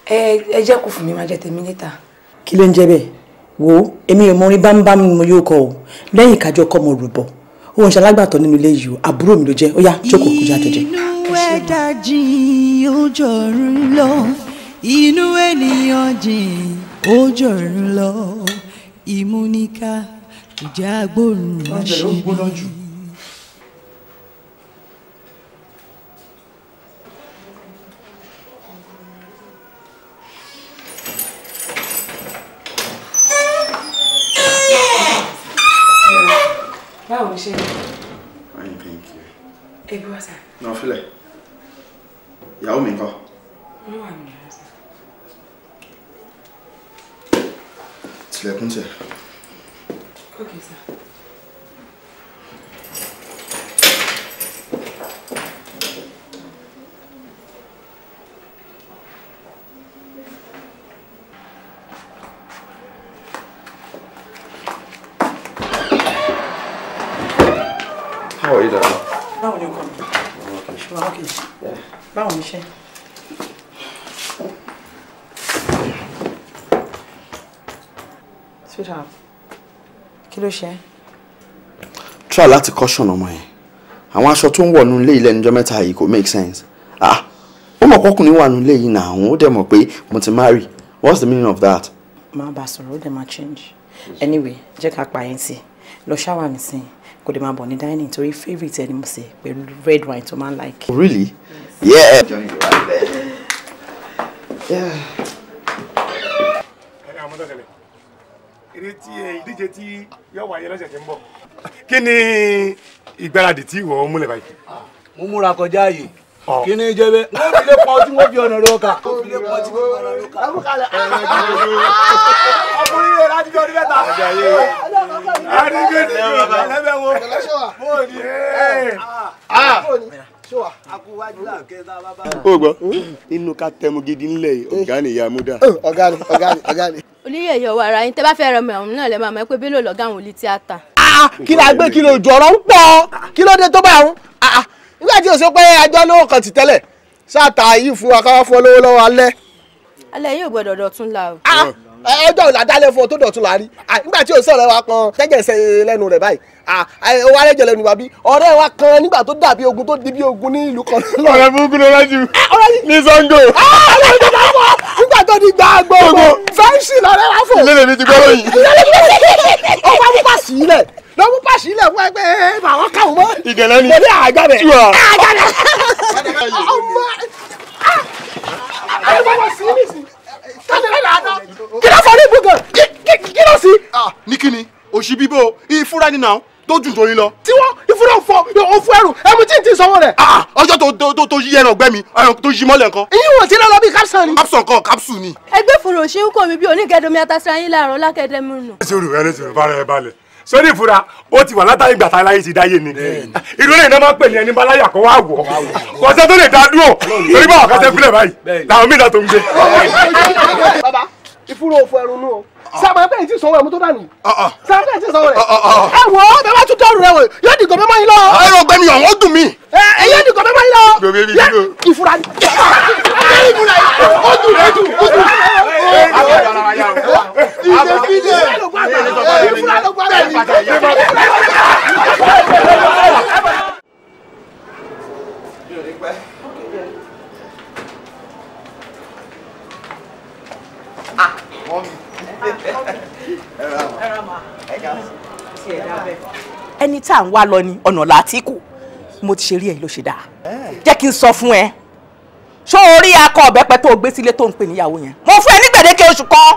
ẹ jẹ́ kó fún mi máa jẹ tèmi níta. kí ló ń jẹ bẹ́ẹ̀ wo èmi ò mọ bámbám ni mo yóò kọ o lẹ́yìn ìkájọ kọ mo rò bọ òun ṣe nínú ilé yìí o àbúrò mi ló jẹ́ ó yá jókòó kó jáde jẹ. inú ẹ̀dá jìn ó jọ̀rún lọ inú ènìyàn jìn ó jọ̀rún lọ ìmúníkà ìjà gbòòrùn àṣírí. báwo ni ṣe ń lọ. fine thank you. ebi wá sá. náà filẹ̀ ìyàwó mi kọ́. wọ́n wà ní ìyàwó sá. tilẹ̀kùn tẹ̀. ok sá. How are you, darling? Báwo ni o kàn? Ṣé wàá kìí? Báwo ni iṣẹ́? Sweetheart, kí ló ṣe? Try láti caution ọmọ yẹn. Àwọn aṣọ tó ń wọ̀ nínú ilé ilé ẹnìjọ́ mẹ́ta yìí kò make sense. Ah! Ó mọ̀ pọ́kùnrin wà nínú ilé yìí náà, òun ó dẹ̀ mọ̀ pé mo ti marry. What's the meaning of that? Má bàa sọ̀rọ̀ ó dẹ̀ máa change. Anyway, jẹ́ ká pa yín sí. Lọ ṣáwà nísìnyí kò dé máa bọ̀ ní dining torí favourite ẹni mo sè pẹ̀lú red wine tó máa ń like. Oh, really? yeah. Eh? yeah. eré tí eh, ìdíje tí yóò wáyé lọ́sẹ̀ tí ń bọ̀ kí ni ìgbáradì tí ìwọ múlẹ̀ báyìí. Ah, mo múra kọjá yìí Oh. kí ni jẹ bẹ wọn fi lè pọn tí wọn fi ọ̀nà lọ kà. wọn fi lè pọn tí wọn fi ọ̀nà lọ kà. ọkùnrin rẹ láti fi ọdún mẹ́ta. adigun ni ẹlẹbẹ wo mo ni ah. ah. o gbọ́ hmm? inú ká tẹmu gidi ńlẹ̀ yìí ọ̀gá ni ìyá múdà. Hmm, ọ̀gá ni ọ̀gá ni ọ̀gá ni. olóyè ẹ̀yọ̀ wa ara yín tẹ́ bá fẹ́ rẹmi àwọn náà lẹ́ máa mọ̀ ẹ́ pé bélò lọ́gá àwọn olè tíátà. Ah, kí la gbé kí ló jọ̀rọ̀ ń pọ̀ kí ló dé tó bá àwọn nígbà tí o sọ pé àjọ lówó kan ti tẹ́lẹ̀ sáàtà yìí fún wa káwá fún olówó lọ́wọ́ alẹ́. alẹ́ yóò gbọ́dọ̀ dọ̀tún ah, la o. ọjọ́ òla dálẹ̀ fún ọ tó dọ̀tún la rí ah, nígbà tí o sọ̀rọ̀ wa kan jẹ́jẹ̀ ṣe lẹ́nu rẹ̀ báyìí ah, ó wá rẹ́jẹ̀ lẹ́nu wa bí ọ̀rẹ́ wa kan nígbà tó dàbí ogun tó di bí ogun ní ìlú kan. ọ̀rẹ́ burúkú ló rájú ní sango. nígbà tó di gba gbogbo fẹ́ǹsì lọ́rẹ́ wa fò sílẹ̀ fún ẹgbẹ́ bàwọn káwọn mọ́. ìgẹ̀lẹ́ ni mo ní àjà rẹ̀. àjà rẹ̀. ọmọ ẹ bọ́wọ́ sí mi sí kájọlẹ́ làánà kí ló fọ ní ibùgàn kí ló sí. Ah, ní kíni òṣì bíbó ìfúra nínú àwọn tó dùn torí lọ. tiwọn ìfúnra òfò òfò ẹrù ẹmu tí n ti sanwó rẹ. Ah, ọjọ́ tó tó tó yí ẹran ọgbẹ́ mi tó yí mọ́lẹ̀ nǹkan. ìyín wò sí lọ́lọ́ bíi capsule ni. capsule kan capsule ni. ẹgbẹ́ fòrò ṣe ń kọ́ mi bí oníkẹ́dọ̀mí atasiranyin láàárọ̀ lákẹ́dẹ́mú nù. ẹ ṣe olùwẹ́rẹ́ ṣe olùbárẹ̀ balẹ̀ sórí ìfura ó ti wà látàrí gbàtà láyé ti dáyé ni irú lè náà máa ń pè ní ẹni bá láyà kó wá wọ̀ kọ́sẹ́ tó lè dá dúró torí báwọn kọ́sẹ́ gúnlẹ̀ báyìí làwọn mí ìfúró òfò ẹrù nù o ah. sábà ah, ah. ẹ bẹ́ẹ̀ tí sanwó ẹ̀mú tó dànù sábà bẹ́ẹ̀ tí sanwó rẹ̀ ẹ wọ bẹ́ẹ̀ bá tún dọ̀rù rẹ wò yóò dìgọ̀ mẹ́mọ́ yín lọ. ẹ yóò gbẹ́ni ọ̀hún ó dùn mí. ẹ yóò dìgọ̀ mẹ́mọ́ yín lọ. ìfura ni. ó dùn rẹ jù ó dùn. ìdè fílẹ̀ ìfura ló gbára ẹni. ẹni tá à ń wá lọ ni ọ̀nà làtíkù mo ti ṣe rí ẹ ló ṣe dáa jẹ́ kí n sọ fún ẹ ṣó o rí akọ ọ̀bẹ́pẹ tó o gbé sílé tó ń pè níyàwó yẹn mo fún ẹ ní gbèdéke oṣù kan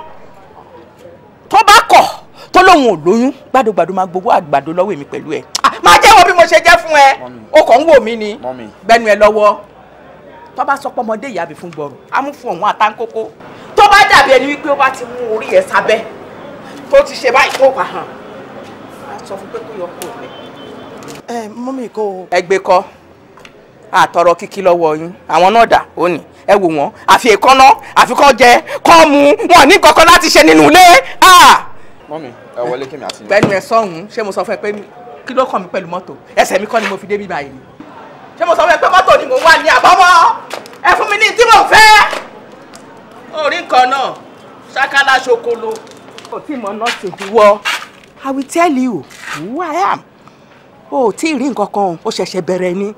tó bá kọ̀ tó lóun ò lóyún gbàdúgbàdú máa gbowó àgbàdo lọ́wọ́ èmi pẹ̀lú ẹ ah, máa jẹ́wọ́ bí mo ṣe jẹ́ fún ẹ o kàn ń wò mí ni gbẹnu ẹ lọ́wọ́ tó bá sọ pé ọmọdé ìyàbí fún gbọrọ amúfún ọ̀wọ́n àtàǹkókó tó bá dàbí ẹni wípé ó bá ti mú orí ẹ̀ sábẹ́ tó ti ṣe báyìí tó wà hàn á sọ fún pé kó yọ kúrò lẹ. ẹ mọ́mí kò. ẹgbẹ́ kọ́ àtọrọ kíkí lọ́wọ́ yín àwọn náà dà ó ní ẹ wò wọ́n àfi èkánná àfi kọ́ jẹ kọ́ mu wọn ní kankan láti ṣe nínú ilé. mọ́mí ẹ wọlé kí mi àti. pẹ̀lú ẹ sọ̀hún ṣé mo sọ fún ẹ pé kí ló kàn mí pẹ̀lú mọ́tò ẹsẹ̀ mi kọ́ ni mo fi débi báyìí ṣé mo sọ fún ẹ pé mọ́tò ni mò ń wà ní àbámọ́ ẹ fún mi ní tí mò ń fẹ́. orí nǹkan náà ṣákálá ṣokolo. kò tí mo náà ti wọ I will tell you who I am. o ò tí ì rí nǹkan kan o ṣẹ̀ṣẹ̀ bẹ̀rẹ̀ ni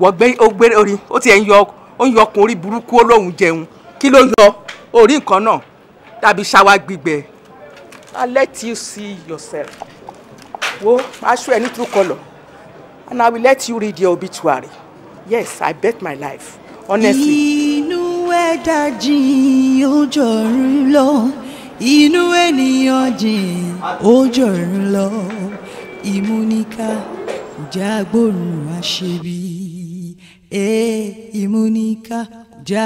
wọ́n gbé ó gbé orí ó ti ẹ̀ ń yọ ó ń yọkun orí burúkú olóhùn jẹun kí ló yọ orí nǹkan náà tàbí ṣáwá gbígbẹ. I let you see yourself. wo aṣọ ẹ ní true colour and I will let you read your obituary. Yes, I bet my life, honestly. Inú ẹ̀dá jìn ó jọ̀run lọ, inú ènìyàn jìn ó jọ̀run lọ, ìmúníká kùjá àṣebí. Ee, ìmúníká kùjá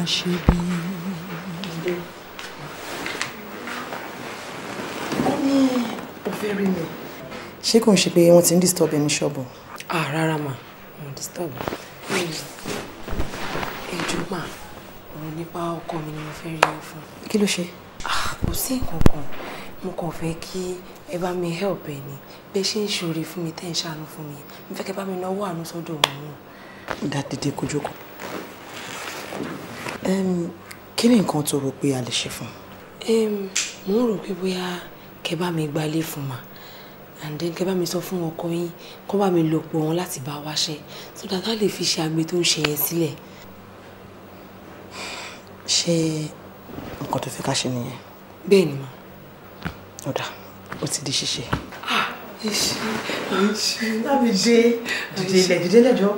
àṣebí. Ó rí mi ṣé kò ń ṣe pé wọ́n ti ń disturb ẹni ṣọ́ọ̀bù. ah rárá mà wọ́n disturb ẹjọ mà ọ̀rọ̀ nípa ọkọ mi ni mo fẹ́ rí ọ fún. kí ló ṣe. ah kò sí nǹkan kan mo kàn fẹ́ kí ẹ bá mi help ẹ ni bẹ́ẹ̀ ṣe ń ṣòre fún mi tẹ́ ń ṣàánú fún mi mo fẹ́ kẹ́ bá mi náwó àánú sọ́dọ̀ òun náà. dàdídé kó jókòó. kí ni nǹkan tó rò pé a lè ṣe fún un. mo ń rò pé bóyá kẹ́ bá mi gbalé fún ma and then kẹ́ bá mi sọ fún ọkọ yín kó bá mi lò pọ̀ wọn láti bá wa ṣe so that a lè fi ṣe agbe tó ń ṣe yẹn sílẹ̀. ṣé nǹkan tó fẹ́ ká ṣe nìyẹn. bẹ́ẹ̀ ni mà. ó dà ó ti di ṣíṣe. ìṣe ah, ìṣe lábì dé dìde dìde lẹ́jọ́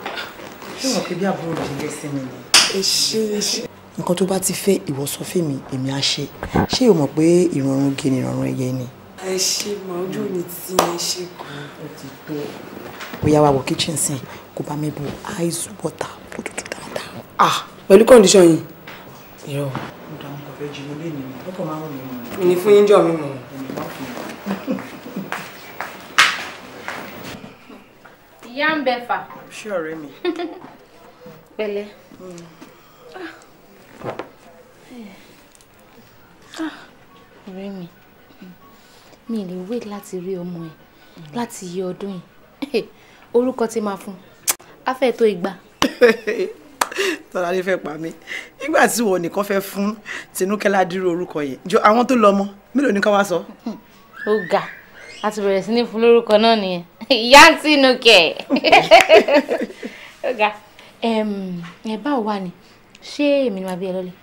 ṣé wọ́n pe bí àbúrò dìde sí mi ni. ìṣe ìṣe nǹkan tó bá ti fẹ́ ìwọ sọ fún mi èmi á ṣe ṣé o mọ̀ pé ìrọ̀rùn gé ni ìrọ̀rùn ẹyẹ ni ẹ ṣe mọ ojú òní tí ẹ ṣe kù. ó ti tó bóyá kitchen sin kó bá mi bu ice water kó tutù dáadáa. ah pẹ̀lú condition yìí. Yo. mo dáhùn kò fẹ́ jí mo lé nìyí lọ́kọ̀ máa ń rìn mọ́. mi ni fún yín jọ mi mọ̀. ìyá ń bẹ fà. ṣé ọ̀rẹ́ mi. pẹ̀lẹ́. Hmm. Ah. Ah mi lè wait láti rí ọmọ ẹ láti yí ọdún yìí orúkọ tí máa fún a fẹ́ tó igba. tọ́lá ní fẹ́ pa mí nígbà tí wọn nìkan fẹ́ fún tinúkẹ́ ládìrú orúkọ yẹn jọ àwọn tó lọ́mọ mélòó ni ká wá sọ. ó ga a ti bẹ̀rẹ̀ sí ní fún lórúkọ náà nìyẹn ìyá tinúkẹ́ ó ga ẹ báwo wà ní ṣé èmi ni màá bí ẹ lọ́lẹ̀.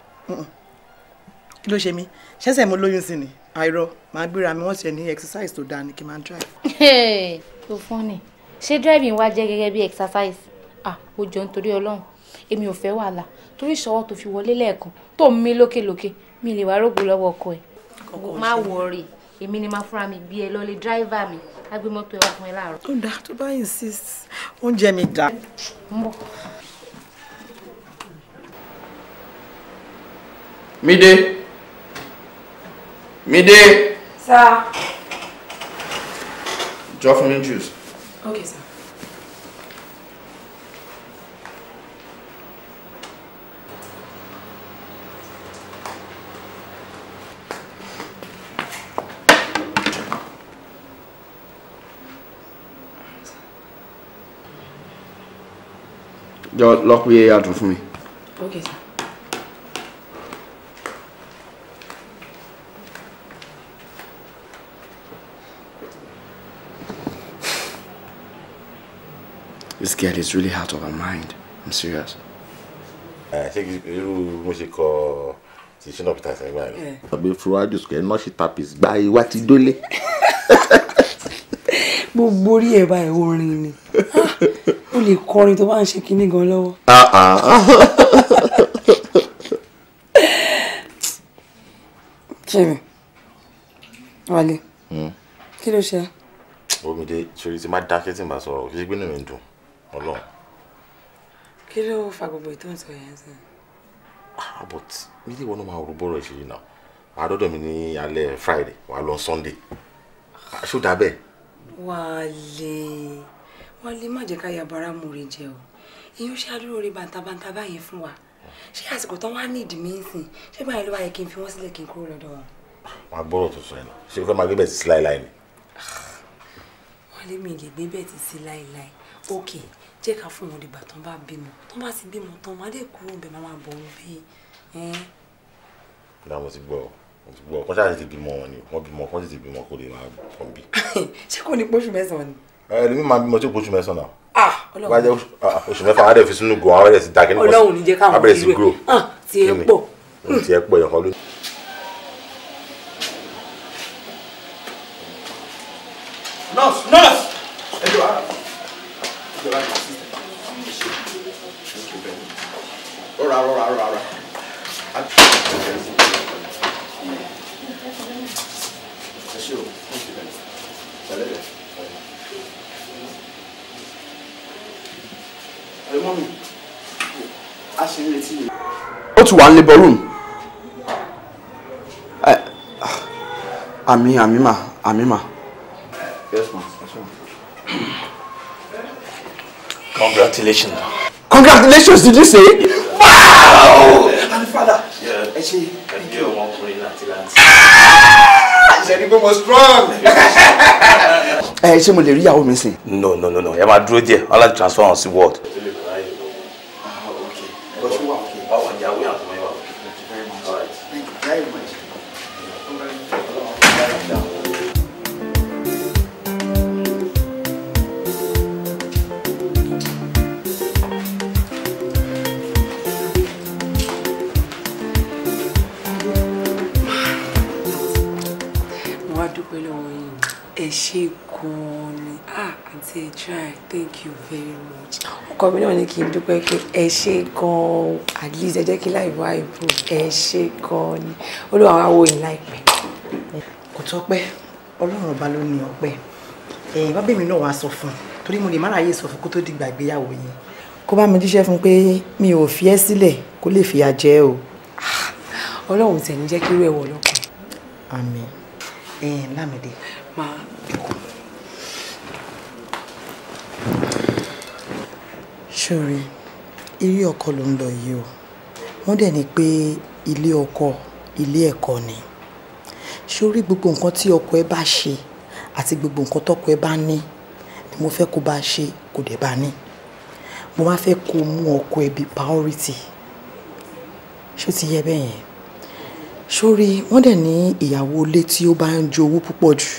kí ló ṣe mí ṣẹ́sẹ̀ mo lóyún sí ni àìrọ màá gbéra mi wọ́n ṣe ní exercise tó dáa ni kí n máa drive. tó fọ́nì ṣé driving wá jẹ́ gẹ́gẹ́ bí exercise ah ó jọ nítorí ọlọ́run èmi ò fẹ́ wàhálà torí ìṣọwọ́ tó fi wọlé lẹ́ẹ̀kan tó ń mí lókèlókè mi lè wá rògbò lọ́wọ́ ọkọ ẹ̀. má wọrí èmi ni máa fúnra mi bí ẹ lọ lè dráìvà mi lágbé mọ́tò ẹ wà fún ẹ láàárọ̀. ó dáa tó bá insist oúnjẹ mi dáa. Mide. Mide. Sir. Draw for me juice. Okay, sir. Jọ lọ pe adùn for me. Okay, sir. This girl is really out of her mind. I'm serious. Eh, ṣé irú mo ṣe to ti ṣínà peter sẹ́gbà rẹ̀? Àbí Fúrájù Square nọ́ọ̀ṣì tapis gba ìwà ti dólé. Gbogbo orí ẹ̀ báyìí orin ni. Ah, o lè kọrin tó bá ń ṣe kinní gan lọ́wọ́. Ah, ah. Kíni? Wálé. Hmm. Kí ló ṣe? Omi dé, ṣorí ti máa dákẹ́ tí màá sọ̀rọ̀, kí ṣe gbé nínú Ọlọ́run. kí ló fa gbogbo ètò ìtọ yẹn sí. ah but mi lè wọnú máa rò bọ́rọ̀ ìṣèlú náà wàá dọ́dọ̀ mi ní alẹ́ Friday wàá lọ Sunday ṣó dáa bẹ́ẹ̀. Wálé Wálé má jẹ́ ká yabara múre jẹ o èyí ó ṣáájú orí bàǹtàbàǹtà báyìí fún wa ṣé àsìkò tán wá ní ìdìmí nsìn ṣé báyìí ló wáyé kí n fi wọ́n sílẹ̀ kí n kúrò lọ́dọ̀ wọn. máa gbọ́rọ̀ tuntun ẹ̀ náà ṣé o fẹ́ máa gbé bẹ́ẹ̀ sí láéláé ni wálé mi lè gbé bẹ́ẹ̀ títí láéláé ok jẹ́ ká fún wọn dìgbà tán bá bímọ tán bá ti bímọ tán má dé kúrò bẹ́ẹ̀ má má bọ̀ wọn bẹ́ẹ̀. náà mo ti gbọ́ mo ti gbọ́ kọ́ ṣáà ti bímọ wọn ni wọ́n bímọ kọ́ sì ti bímọ kó lè máa bọ̀ bí. ṣé kò ní pọ́ṣù mẹ́sàn-án ni. ẹ ẹ lèmi máa bímọ tí ò pọ́ṣù mẹ́sàn-án náà. ah ọlọ́run wájú ah, ah, oṣù mẹ́fà á dẹ̀ fi sínú gùn àwọn abẹ́rẹ́ sí dákẹ́ nípa ọlọ́run ní jẹ́ káwọn neighbor room. Àmì àmì mà àmì mà. Yes ma'am. Congratulations. Congratulations did you say? wow! And father. Yeah. ṣe. Ẹni yóò wọ́n kúrin láti láti. Ìṣẹ̀lẹ̀ gbé mo strong. Ẹ eh, ṣé mo lè rí ìyàwó mi sìn? No no no no ẹ máa dúró díẹ̀, wọ́n láti transfer on sí ward. very much. ọkọ mi náà ní kí n dúpẹ́ pé ẹ ṣe gan-an at least ẹ jẹ́ kí láì wá ìbò ẹ ṣe gan-an ni olúwa wa wo ìlà ìpẹ́. kò tọ́pẹ́ ọlọ́run ọba ló ní ọpẹ́ ẹ̀yìn bábẹ́ mi náà wàá sọ fún un torí mo lè má ráyè sọ fún kó tó dìgbà ìgbéyàwó yẹn. kó bá mi jíṣẹ́ fún pé mi ò fi ẹ́ sílẹ̀ kó lè fìyà jẹ o. Ah, ọlọ́run tẹ̀ ní jẹ́ kí irú ẹ̀wọ̀ lọ́kàn. àmín ẹ̀ẹ́n lámìdé. máa ṣòrí eré ọkọ ló ń lọ o wọ́n dẹ̀ ní pé ilé ọkọ ilé ẹ̀kọ́ ni ṣórí gbogbo nǹkan tí ọkọ ẹ bá ṣe àti gbogbo nǹkan tọkọ ẹ bá ní ni mo fẹ́ kó bá ṣe kò dẹ̀ bá ní mo wá fẹ́ kó mú ọkọ ẹ bíi priority ṣó ti yẹ bẹ́ẹ̀ yẹn ṣórí wọ́n dẹ̀ ní ìyàwó ilé o ó bá ń ju owó púpọ̀ jù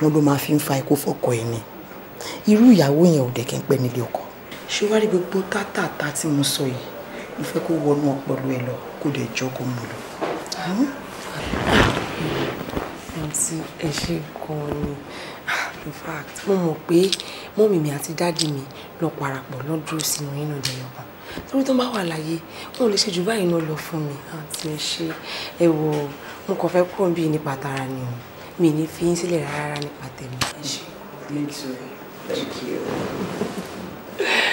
wọ́n ló máa fi ń fa ikú fọkọ ẹ ni irú ìyàwó yẹn ò dẹ̀ kí n pẹ́ nílé ọkọ ṣé wá rí gbogbo tátàtà tí mo sọ yìí mo fẹ́ kó wọnú ọpọlọ ẹ lọ kó dẹ̀ jọ kó mú lọ. Hmm? àǹtí ẹ ṣe gan ni ah, in fact mo mọ̀ pé mọ́mì mi àti dáàdì mi lọ parapọ̀ lọ́dún sínú inú ìdẹ̀yọ̀ kan torí tó bá wà láyé wọn ò lè ṣe jù báyìí náà lọ fún mi àǹtí ẹ ṣe ẹ wò mo kàn fẹ́ kúrò bíi nípa tara ni o mi ní fi yín sílẹ̀ rárá nípa tèmi. ẹ ṣe thank you thank you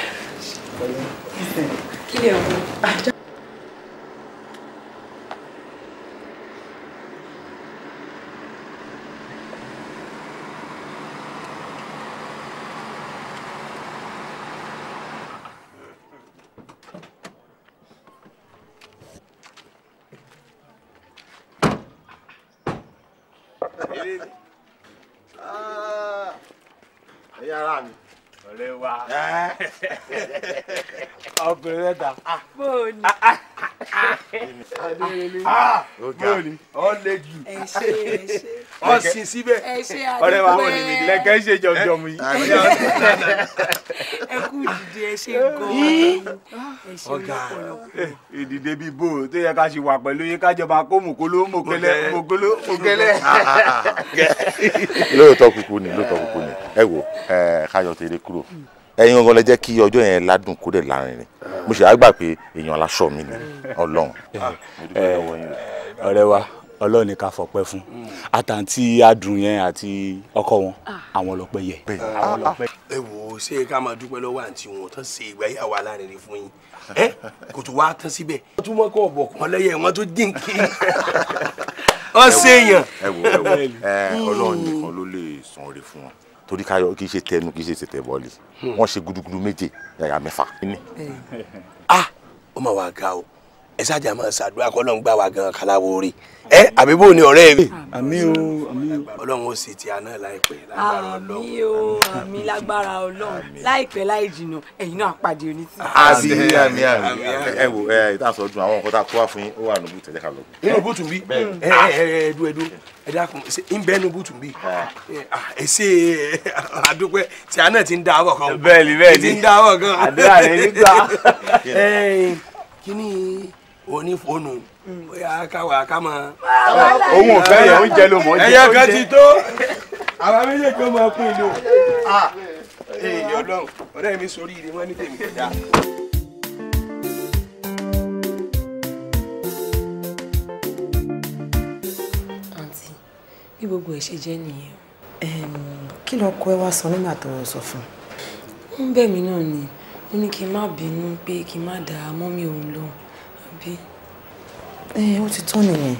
kí lè ọ̀gbìn rẹ wá. ọkùnrin rẹ ah. bóòlì. Ah, ah, adéyẹlé bóòlì ọ lè jù ọ sì síbẹ̀ ọ̀rẹ́ wa lẹkẹ ṣe jọjọmu yìí. ẹ kú dìde ẹ ṣe gan-an ẹ eh, ìdìde bíi bò tó yẹ ká ṣe wà pẹ̀lú yín kájọba kó mòkóló mòkélé mòkélé. lóòótọ́ kúkú ni lóòótọ́ kúkú ni ẹ wo ẹ káyọ̀ tèrè kúrò ẹ̀yin gangan lẹ jẹ́ kí ọjọ́ yẹn ládùn kó dẹ̀ lárinrin mo ṣe àgbà pé èèyàn aláṣọ mi ni ọlọ́run. Ah, ọ̀rẹ́ wa ọlọ́run ni ká fọpẹ́ fún hmm. àtàntí adùn yẹn àti ọkọ wọn ah. àwọn ọlọ́pẹ́ yẹ. Ah, ẹ wo ṣé ká máa dúpẹ́ lọ́wọ́ àǹtí wọn tán ṣe ìgbéyàwó alárinrin fún yín ẹ kò tó wá tán síbẹ̀ wọ́n tún mọ́kọ́ ọ̀bọ̀kún lẹ́yẹ wọ́n tún dín kí ọ ṣèyàn. ẹ wo ẹ wo ọlọ́run nìkan ló lè san torí káyọ kì í ṣe tẹnu kì í ṣe tètè bọ́ọ̀lì hmm. wọ́n ṣe gudugudu méje yàyà mẹ́fà. ah ó mà wá ga o ẹ ṣáàjà máa ṣàdúrà kọ́ lọ́n gbà wá gan kaláwo rí ẹ àbí bò ní ọ̀rẹ́ mi. àmín o àmín o. ọlọ́run ó sì ti àná láìpẹ́ lágbára ọlọ́run. àmín o àmín lágbára ọlọ́run láìpẹ́ láì jìnnà ẹ̀yin náà pàdé onítìrí. àmín àmín àmín ẹ wo ẹ ẹ tàṣọ dùn àwọn nǹkan tá a kó wá fún yín ó wà nùbù tẹ̀lé ká lọ. nínú bùtù bí ẹ ẹ ẹ ẹdú ẹdú ẹ dákun ń bẹ nínú bùtù bí ah. ẹ ah, ṣe àdúpẹ́ tí àná ti ń da àwọ̀ kan. bẹ́ẹ̀ni bẹ́ẹ̀ni ti ń da àwọ̀ kan. àdúrà rẹ nígbà. kíní onífóònù bóyá káwé àkámọ. òun ò fẹ́ yẹ oúnjẹ ló mọ̀ ọ́ jẹ. ẹyẹ kan ti tó àwọn méjèèjì ó máa pín in lò. èèyàn ọlọ́run ọ̀rẹ́ mi sórí ire wọ́n ní tèmi kò dáa. gbogbo ṣe jẹ́ nìyẹn. kí lọkọ sọ nígbà tó ń fún un. n náà ni ó kí n má bínú pé kí n má dàá mọ́mí Bí ẹ ó ti tán nìyẹn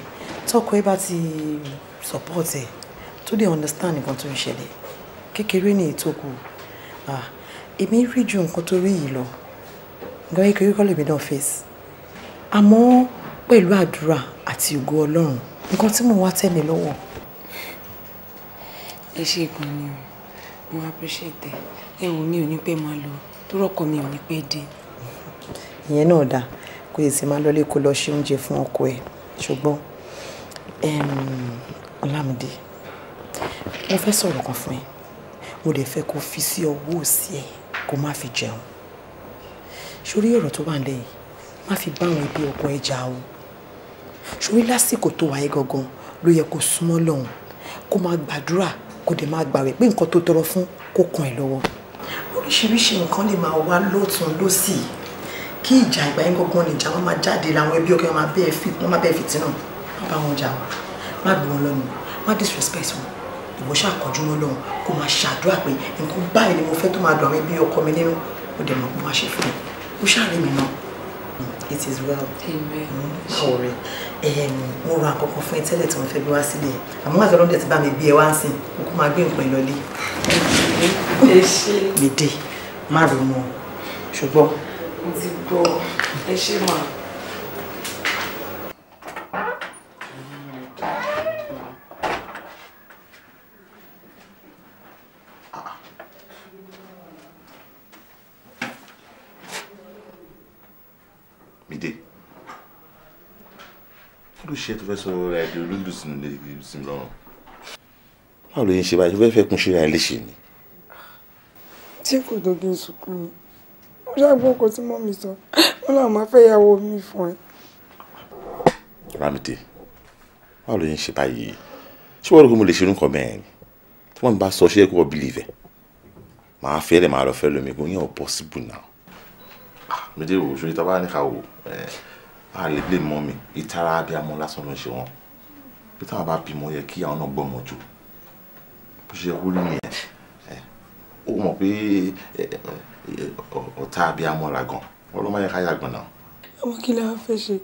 tọkọ ẹ bá ti support ẹ tó dé understand nǹkan tó ń ṣẹlẹ̀ kékeré ní ìtòkù èmi rí ju nǹkan tó rí yìí lọ nǹkan kékeré kọ́ lèmi náà fèsì àmọ́ pẹ̀lú àdúrà àti ògo Ọlọ́run nǹkan tí mò ń wá tẹ̀lé lọ́wọ́. ẹ ṣe gan ni o mo appreciate ẹ ẹ ò ní òní pe máa lọ tó rọ́kọ̀ mi ò pe pẹ́ dé. ìyẹn náà dáa kó yìí sì máa lọlé kó lọ ṣe oúnjẹ fún ọkọ ẹ ṣùgbọ́n Ọlámídé mo fẹ́ sọ̀rọ̀ kan fún ẹ mo dẹ̀ fẹ́ kó fi sí ọwọ́ òsì ẹ kó má fi jẹun sórí ọ̀rọ̀ tó wà ń lẹ́yìn má fi bá àwọn ẹbí ọkọ ẹ jà o sórí lásìkò tó wà ẹ gangan ló yẹ kó súnmọ́ lọ́hùn kó máa gbàdúrà kó dẹ̀ máa gbàwẹ̀ pé nǹkan tó tọrọ fún kó kàn ẹ́ lọ́wọ́ oríṣiríṣi nǹkan lè máa wá lọ́tún lọ́sì yìí kí ìjà ìgbà yín gangan lè jà wọ́n máa jáde làwọn ẹbí ọkẹ́ wọn máa bẹ́ẹ̀ fi wọ́n máa bẹ́ẹ̀ fi tínà wọ́n bá wọn jà wọ́n má gbé wọn lọ́nu má disrespect wọn ìwọ ṣàkọjú wọn lọ́hùn kó máa ṣàdúrà pé nǹkan báyìí ni mo fẹ́ tó máa dùn àwọn ẹbí ọkọ mi nínú ó dẹ̀ mọ̀ pé wọ́n á ṣe fún mi ó ṣàrí mi náà it is well ọ̀rẹ́ hmm, mo ra àkọ́kọ́ fún ẹ tẹ́lẹ̀ tí wọ́n fẹ́ gbé wá sílẹ̀ àmọ́ àti ọlọ́dẹ ti bá mi bí ẹ wá ń sìn mo kó máa ṣùgbọ́n mo ti gbọ́ ẹ ṣe mà. Mide, kí ló ṣe tó fẹ́ sọ ẹ̀ di olúndùsí lọ́rùn? Báwo ló ń ṣe báyìí? Tó fẹ́ fẹ́ kún ṣe ra ni? Tí kò gbọ́dọ̀ sunkún mi mo ṣàgbọ́n nǹkan tí mọ́mí sọ wọn làwọn máa fẹ́ yàwó mi fún ẹ. Ramide báwo ló ń ṣe báyìí ṣé wọ́n rò pé mo lè ṣe nǹkan bẹ́ẹ̀ ni tí wọ́n bá sọ ṣé kò wọ́n bìlìfẹ̀ màá fẹ́ lẹ̀ màá lọ fẹ́ lómi kò yẹn ò pọ́síbù náà. méjì wò ṣe ìta bá ní ká wò á lè blé mọ́ mi ìtara abiyamọ lásán ló ń ṣe wọn bí táwọn bá bímọ yẹ kí àwọn náà gbọ́mọ jù bó ṣe wúrí nìyẹn ó mọ̀ pé ọ̀tá àbí amọ̀ra gan wọn ló máa yẹ ká yàgbọ̀n náà. àmọ́ kí la fẹ́ ṣe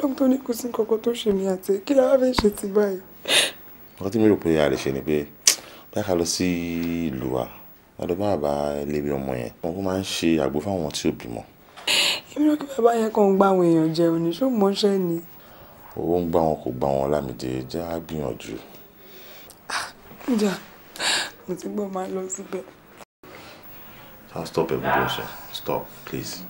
dókítà ní kò sí kankan tó ṣe mí àti kí la fẹ́ ṣe ti báyìí. nǹkan tí mi rò pé a lè ṣe ni pé báyìí ká lọ sí ìlú wa lọ́dọ̀ bá bàbá lébi ọmọ yẹn wọn kó máa ń ṣe àgbo fáwọn tí ò bímọ. èmi rò kí bàbá yẹn kàn ń gba àwọn èèyàn jẹ òní ṣó mọṣẹ́ ni. owó ń gbà wọn kò gbà wọn lámìdé jẹ́ á gbìyànjú. Ah, mo ti gbọ́ máa lọ síbẹ̀. I'll stop your bullshit. Ah. Stop, please.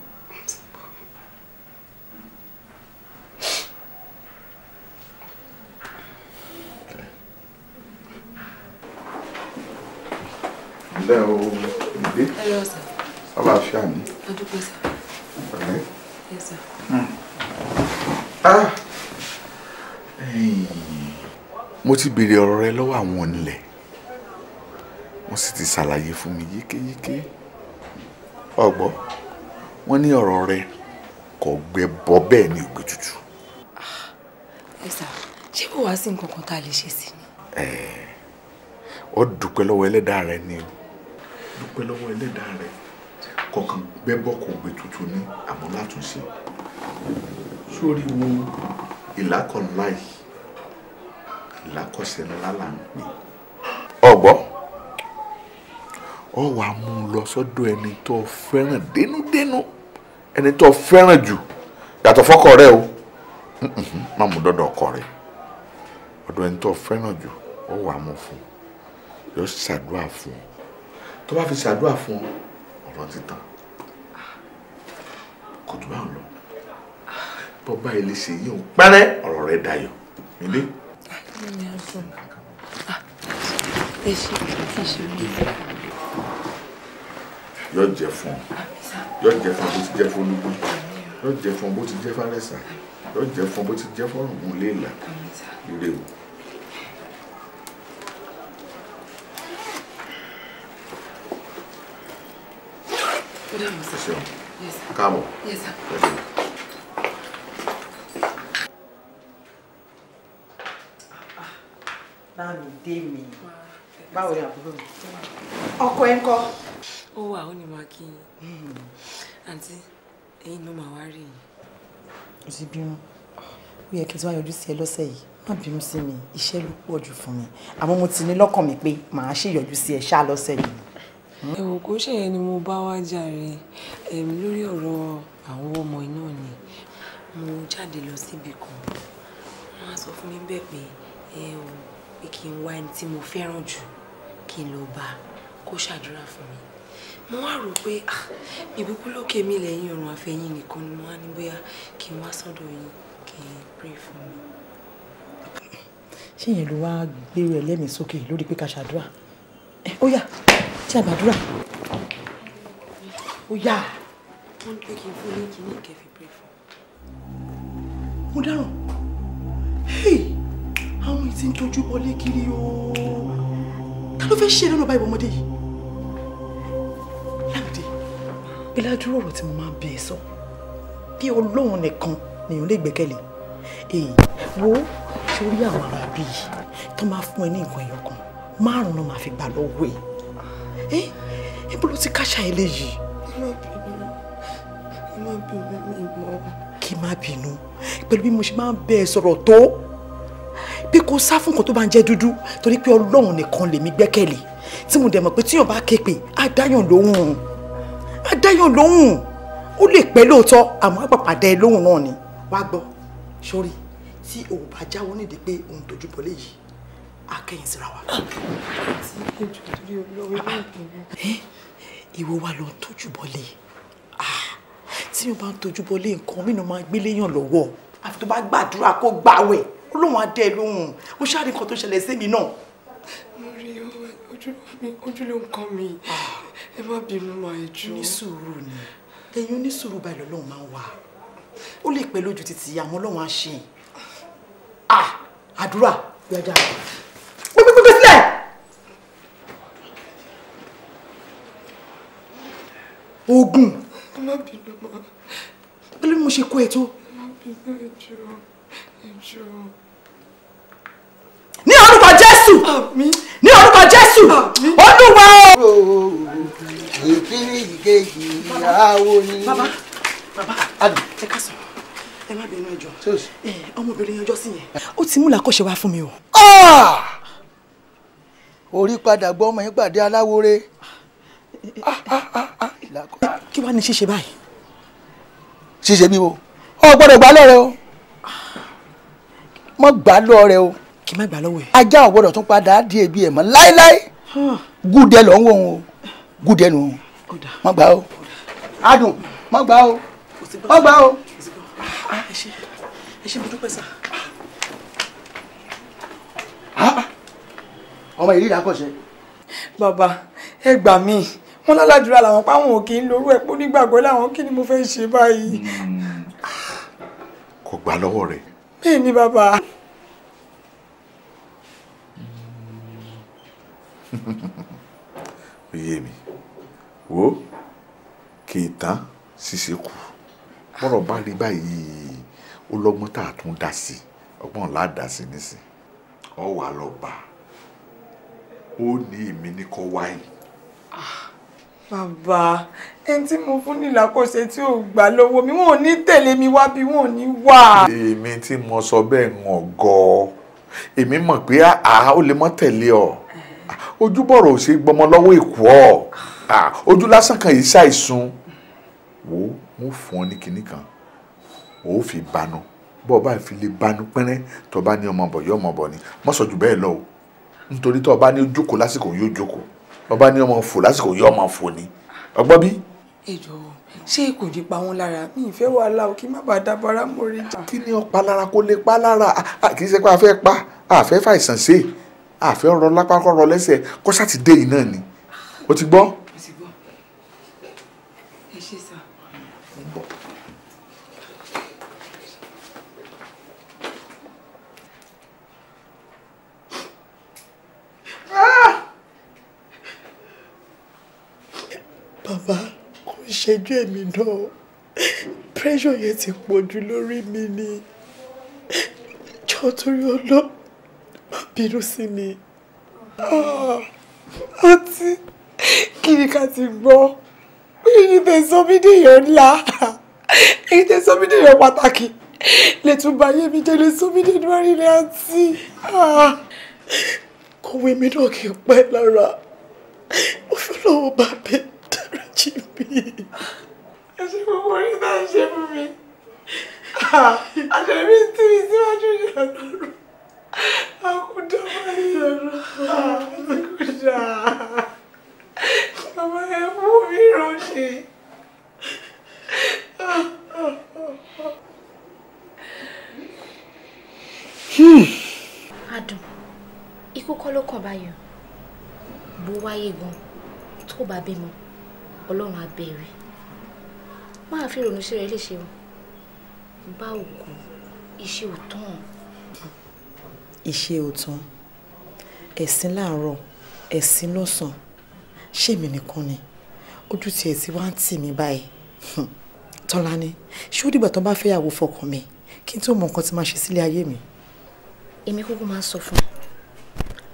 Hello, hello, sir. How about Àlàáfíà ni. Adúpẹ́ sir. Okay. Yes, sir. Hmm. Ah! Mo ti béèrè ọ̀rọ̀ rẹ lọ́wọ́ àwọn ọ̀nilẹ̀. Wọ́n sì ti ṣàlàyé fún mi yékéyéké. Yéké ọgbọ wọn ní ọ̀rọ̀ rẹ kò gbẹ bọ bẹ́ẹ̀ ni ògbẹ tútù. Ah, ẹ̀sà ṣé kò wá sí nǹkan kan tá a lè ṣe sí ni. ọ dúpẹ́ lọ́wọ́ ẹlẹ́dàá rẹ ni o dúpẹ́ lọ́wọ́ ẹlẹ́dàá rẹ kọ̀ọ̀kan gbẹ bọ́ kò gbẹ tútù ní àmọ́ látúnṣe sórí wo ìlákọ̀ọ́lá yìí ìlákọ̀ọ́sẹ̀ ńlá là ń pè. ọgbọ́n ọ wàá mú un lọ sọ́dọ̀ ẹni tó fẹ́ràn dénúdénú ẹni tó fẹ́ràn jù yàtọ̀ fọ́kọ rẹ o má mú dọ́dọ̀ ọkọ rẹ ọ̀dọ̀ ẹni tó fẹ́ràn jù ọ wàá mú fún un yóò ṣàdúrà fún un tó bá fi ṣàdúrà fún un ọ̀rọ̀ ti tán kò tún bá ń lọ bọ́ báyìí lè ṣe yíò pẹ́rẹ́ ọ̀rọ̀ rẹ dayọ̀ nílé. ẹ ṣe ẹ ṣe mi yọ jẹ fún ọ yọ jẹ fún ọ bó ti jẹ fún olúgbó yọ jẹ fún ọ bó ti jẹ fún alẹ́sà yọ jẹ fún ọ bó ti jẹ fún ọ̀rùn léèlà ire o. ṣeun káàbọ̀ báwo ni àbúrò mi ọkọ ẹ ń kọ́. Oh, wà ó ní máa kí yín àǹtí worry. ló máa wá rí yìí. kò sí bínú ó yẹ kí n tí wàá yọjú sí ẹ lọ́sẹ̀ yìí má bínú sí mi iṣẹ́ ló pọ̀ jù fún mi àmọ́ mo ti ní lọ́kàn mi pé màá ṣèyọjú sí ẹ ṣáá lọ́sẹ̀ yìí. Hmm? ẹ̀wọ̀n kò ṣe yẹn ni mo bá wá jàre ẹ̀mí lórí ọ̀rọ̀ àwọn ọmọ iná ni mo jáde lọ síbi kan wọ́n á sọ fún mi bẹ́ẹ̀ pé ẹ ò pé kí n wá ẹni tí mo fẹ́ràn jù mo wá rò pé ah, ìbùkún lókè mi lẹ́yìn ọ̀run àfẹ́yìn nìkan ni mo wá ní bóyá kí n wá sọ́dọ̀ yín kí n pray fún mi. ṣé ìyẹn ló wá gbèrú ẹ lẹ́mìí sókè lórí pé ká ṣàdúrà ó yá tí a gbàdúrà ó yá. wọ́n ní pé kí n fún ní kíní kẹfì pray fún. mo dáràn àwọn ìtì ń tọ́jú bọlé kiri o ta ló fẹ́ ṣe lọ́nà báyìí ọmọdé yìí. ìlàjúrò ọ̀rọ̀ tí mo máa ń bí ẹ sọ bí ọlọ́run nìkan nìyẹn lè gbẹ́kẹ̀lé èyí wo sórí àwọn ará bí yìí tó máa fún ẹ ní nǹkan ẹ̀yọ̀ kan márùn-ún máa fi gbà lọ́wọ́ ẹ ibo ló ti káṣá eléyìí. kí má bínú mi mọ́. kí má bínú pẹ̀lú bí mo ṣe máa ń bẹ ẹ sọ̀rọ̀ tó bí kò sá fún nǹkan tó bá ń jẹ́ dúdú torí pé ọlọ́run nìkan lèmi gbẹ́kẹ̀lé tí mo dẹ̀ mọ̀ pé tíyàn bá képe á dáyàn lóhùn máa dáyàn lóhùn ó lè pẹ́ lóòótọ́ àmọ́ àpapà dá ẹ lóhùn náà ni wá gbọ́ sórí tí o bá jáwọ́ nídìí pé òun tójú bọ́ léyìí akẹ́yìn síra wa. ìwọ wa ló ń tójú bọ́lé ah, tí o bá ń tójú bọ́lé nǹkan mí ni máa gbé léyàn lọ́wọ́ àfi tó bá gbàdúrà kó gbàwẹ̀ olóhùn adé lóhùn mo ṣáà rí nǹkan tó ṣẹlẹ̀ sí mi náà. mo rí ojúlówó nǹkan mi. Ah ẹ má bínú mà ẹ jọ̀ọ́. ní sùúrù ni ẹ̀yin onísùúrù báyìí lọ́lọ́run máa ń wà ó lè pẹ́ lójú títí àwọn ọlọ́run á ṣe ah àdúrà gbẹdà gbẹgbẹgbẹ sílẹ̀. ogun pẹ̀lú bí mo ṣe kó ẹ tó. ẹ má bínú ẹ jọ̀ọ́ ẹ jọ̀ọ́ jésù ní orúkọ jésù olúwa o. ìkíni ìkejì ìyàwó ni. bàbá bàbá ẹ ká sọ ẹ má bínú ẹjọ ọmọbìnrin ọjọ́ sí yẹn ó ti mú làkọ́ṣe wá fún mi o. orí padà gbọ́ ọmọ yín pàdé aláwòrè kí wàá ní ṣíṣe báyìí. ṣíṣe bí wo ọ gbọ́dọ̀ gbà lọ́rẹ̀ o mọ gbà lọ́rẹ̀ o kí má gbà lọ́wọ́ ẹ̀. ajá ò gbọ́dọ̀ tún padà di ebi ẹ̀ mọ́ láéláé gúdẹ lọ ń wò ó gúdẹ nù má gbà ó adùn má gbà ó má gbà ó. Ah, ah, ẹ ṣe mo dúpẹ́ sá. Ah, ọmọ ìlú ìdákọ̀ṣe. bàbá ẹ gbà mí wọn lálàdúrà làwọn páwọn ò kì í lórú ẹ pọ nígbàgbọ́ làwọn kí ni mo fẹ́ ṣe báyìí. Hmm. kò gbà lọ́wọ́ rẹ̀. bẹ́ẹ̀ ni bàbá. Oyè mi, wo kì í tán ṣíṣe kù. Bọ́rọ̀ bá rí báyìí, ó lọ́gbọ́n tá a tún dá sí i, ọgbọ́n là á dá sí i nísìn. Ọ wà lọ bá a, ó ní èmi ní kọ́ wáyé. Ah, bàbá, ẹni tí mo fún ní ìlàkọ̀ṣe tí ò gbà lọ́wọ́ mi, wọn ò ní tẹ̀lé mi wá bí wọn ò ní wà. Èmi tí mo sọ bẹ́ẹ̀ ń ọ̀gọ́, èmi mọ̀ pé àá ó lè mọ́ tẹ̀lé ọ ojúbọ̀rọ̀ ò ṣe gbọmọ lọ́wọ́ èkó ọ̀ ojú lásán kan yìí ṣàìsùn wò ó mo fún ọ ní kinní kan o ó fi banu bọ́ ọ bá fi lè banu pẹ́rẹ́ tó bá ní ọmọ bọ̀ yọ ọmọ bọ̀ ni mọ́ sọ jù bẹ́ẹ̀ lọ o nítorí tó o bá ní jókòó lásìkò yóò jókòó tó o bá ní ọmọ fò lásìkò yóò ọmọ fò ni ọgbọ́ bí. èdò ṣé kò ní pa wọn lára mi ìfẹ́ wàhálà ò kí má bàa dábàárà mórí jà. kí ni ọ̀pá lára kó lè pa lára kì í ṣe pé a fẹ́ pa a fẹ́ fàìsàn ṣe àfẹ́ ọ̀rọ̀ lápákọ́ ọ̀rọ̀ lẹ́sẹ̀ kó sátidé yìí náà ni o ti gbọ́. bàbá kò ṣẹ́jú èmi náà pressure yẹn ti pọ̀ jù lórí mi ni jọ́ torí ọlọ́pàá bínú sí mi ah, àǹtí kí ni ká ti gbọ́ èyí tẹ sọ mí dèèyàn ńlá èyí tẹ sọ mí dèèyàn pàtàkì lè tún bá yé mi jẹ́ lè sọ mí dèèyàn rí rẹ àǹtí ah, kọ̀wé mi náà kì í pẹ́ lára mo fi lọ́wọ́ bá bẹ dára jì mí. ẹ ṣe gbogbo orí náà ṣe fún mi ah, àṣẹ mi tì mí síwájú ìyá lọ́rùn. Akuda Mayoro. Akuda. Mama ẹ mú mi ránṣẹ́. Adùn, ikú kọ́ ló kàn báyìí. Bó wáyé gan, tó bá bímọ, Ọlọ́run á bẹ̀rẹ̀. Máa fi ìrònú sí rẹ̀ ìṣe òtán ẹ̀sìn láàárọ̀ ẹ̀sìn lọ́sàn ṣèmi nìkan ni ojú tiẹ̀ ti wá ń tì mí báyìí hmm. Tọ́lání ṣé ó dìgbà tó bá fẹ́yàwó fọkàn mi kí n tó mọ nǹkan tí máa ṣe sílé ayé mi. èmi kúkú máa ń sọ fún un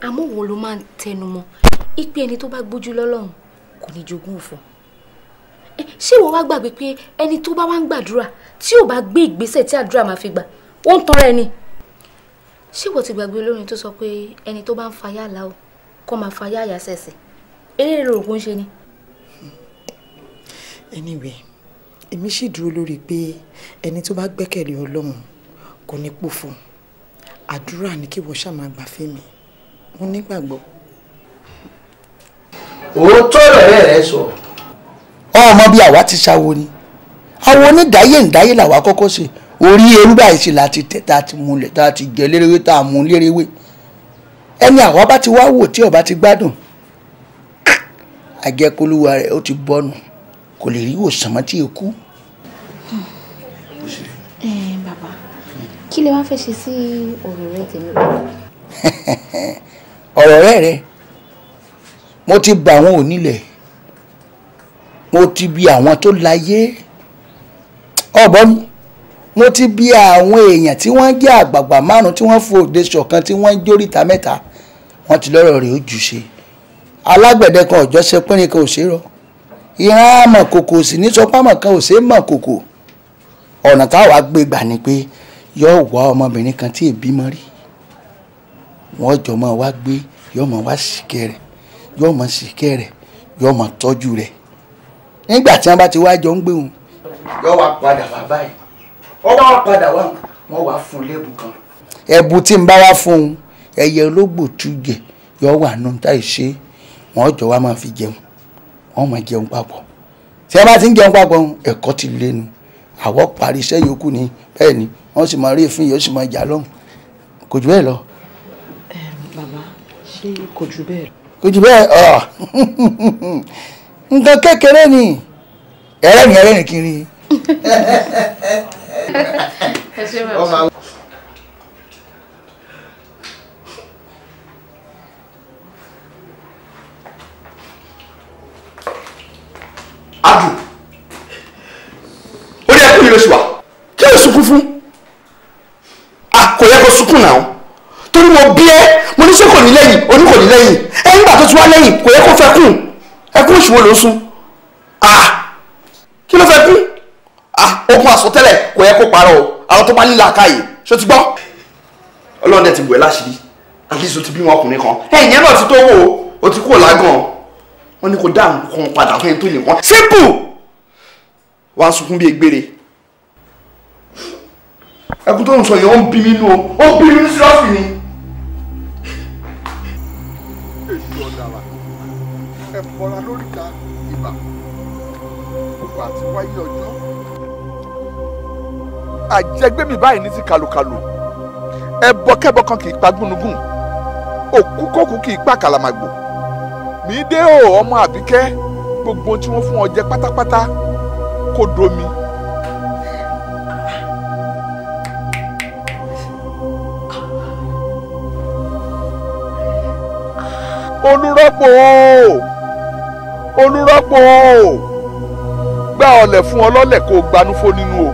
àmọ́ wo ló máa ń tẹnu mọ́ ipe ẹni tó bá gbójú lọ́lọ́run kò ní jogún òfò ṣé ìwọ wá gbàgbé pé ẹni tó bá wá ń gbàdúrà tí ò bá gbé ìgbésẹ̀ tí àdúrà máa fi gbà ó ń tanra ẹni ṣé ìwọ ti gbàgbé olórin tó sọ pé ẹni tó bá ń fa yàrá o kó máa fa yàrá ṣẹ̀ṣẹ̀ eré rẹ̀ òkú ń ṣe ni. Hmm. anyway èmi sì dúró lórí pé ẹni tó bá gbẹ́kẹ̀lé ọlọ́run kò ní pòfo àdúrà ni kí wọ́n ṣàmà gbà fún mi mo nígbàgbọ́. òótọ́ rẹ̀ rẹ̀ sọ. ọmọ bíi àwa ti ṣàwo ni àwọn onídàáyé ǹdáyé làwa kọ́kọ́ ṣe orí eru báyìí sì láti tẹ̀ tá a ti múlẹ̀ tá a ti jẹ lérewé tá a mú lérewé ẹni àwa bá ti wá wò tí ọba ti gbádùn àjẹkólúwa rẹ̀ ó ti bọ́nu kò lè rí ìwòsàn mọ́ tí ikú. bàbá kí lè wàá fẹ́ ṣe sí ọ̀rọ̀ rẹ tèmi. ọ̀rọ̀ rẹ rẹ mo ti bá àwọn onílẹ̀ mo ti bi àwọn tó láyé ọ̀bọ mi mo ti bi àwọn èèyàn tí wọ́n jẹ́ àgbààgbà márùn-ún tí wọ́n fòde ṣọ̀kan tí wọ́n ń jóríta mẹ́ta wọ́n ti lọ́rọ̀ rẹ̀ ó jù ṣe alágbẹ̀dẹ kan ọ̀jọ́ ṣe pínrin kan ò ṣe rọ ìran àmọ̀ kòkò sì ní sọ pámọ̀ kan ò ṣe mọ̀ kòkò ọ̀nà táwa gbé gbà ni pé yóò wá ọmọbìnrin kan tí èbí mọ́ rí wọ́n jọ mọ́ wá gbé yóò mọ́ wá ṣìkẹ́ rẹ̀ yóò mọ́ ṣìkẹ́ rẹ̀ yóò mọ́ tọ́jú rẹ̀ nígbà tí wọ́n bá ti wá jọ ń gbé wọn yóò wá padà wá báyìí ọwọ́ àpàdà wa wọ́n wàá fún un léèbù kan. ẹ̀bù tí ń bá wá fún un ẹyẹ ológbò túgẹ̀ yọ wà nù táì ṣe wọ́n jọ wá máa fi jẹun wọ́n máa jẹun papọ̀ tí ẹ bá ti ń jẹun papọ̀ ẹ̀kọ́ ti lẹ́nu àwọ̀ parí iṣẹ́ yòókù ni bẹ́ẹ̀ ni wọ́n sì máa rí èéfín yóò sì máa jà lọ́hùn kò jù bẹ́ẹ̀ lọ. bàbá ṣé kò jù bẹ́ẹ̀ kò jù bẹ́ẹ̀ ọ̀ nǹkan kékeré ni ẹ̀rẹ́nì ẹ̀rẹ́nì kiri. ẹ ṣe bàbá. adùn ó ní ẹkún yìí ló ṣe wá kí ló sunkún fún àkòyẹ kó sunkún náà torí mo bí ẹ mo ní ṣe kò ní lẹ́yìn oní kò ní lẹ́yìn ẹ nígbà tó ti wá lẹ́yìn kò yẹ kó fẹ́ kùn ẹkún òṣùwọ̀n ló sún. ah ogun àsọtẹ́lẹ̀ kò yẹ kó parọ́ o àwọn tó bá nílà káyè ṣó ti gbọ́. ọlọ́run dẹ̀ ti wẹ̀ láṣìírí àdìsó ti bí wọn ọkùnrin kan ẹ̀yìn yẹn náà ti tó wò ó ti kúrò lágàn wọn ni kò dá nǹkan padà fún ẹni tó lè wọn. simple wàá sunkún bí egbére ẹkún tó ń sọ yẹn ó ń bí mi nú o ó ń bí mi nú sírọ́ọ̀fì ni. ẹ bọra lóríta ìbà gbogbo àti wáyé ọjọ́ àjẹgbẹ́mì báyìí ní ti kàlùkàlù ẹbọkẹbọ kan kì í pa gúnugún òkú kòkú kì í pa kàlàmàgbò mí dé o ọmọ àbíkẹ́ gbogbo tí wọ́n fún ọ jẹ pátápátá kó domi. olùrọ́pò olùrọ́pò gba ọ̀lẹ̀ fún ọlọ́lẹ̀ kó gbanúfó nínú o.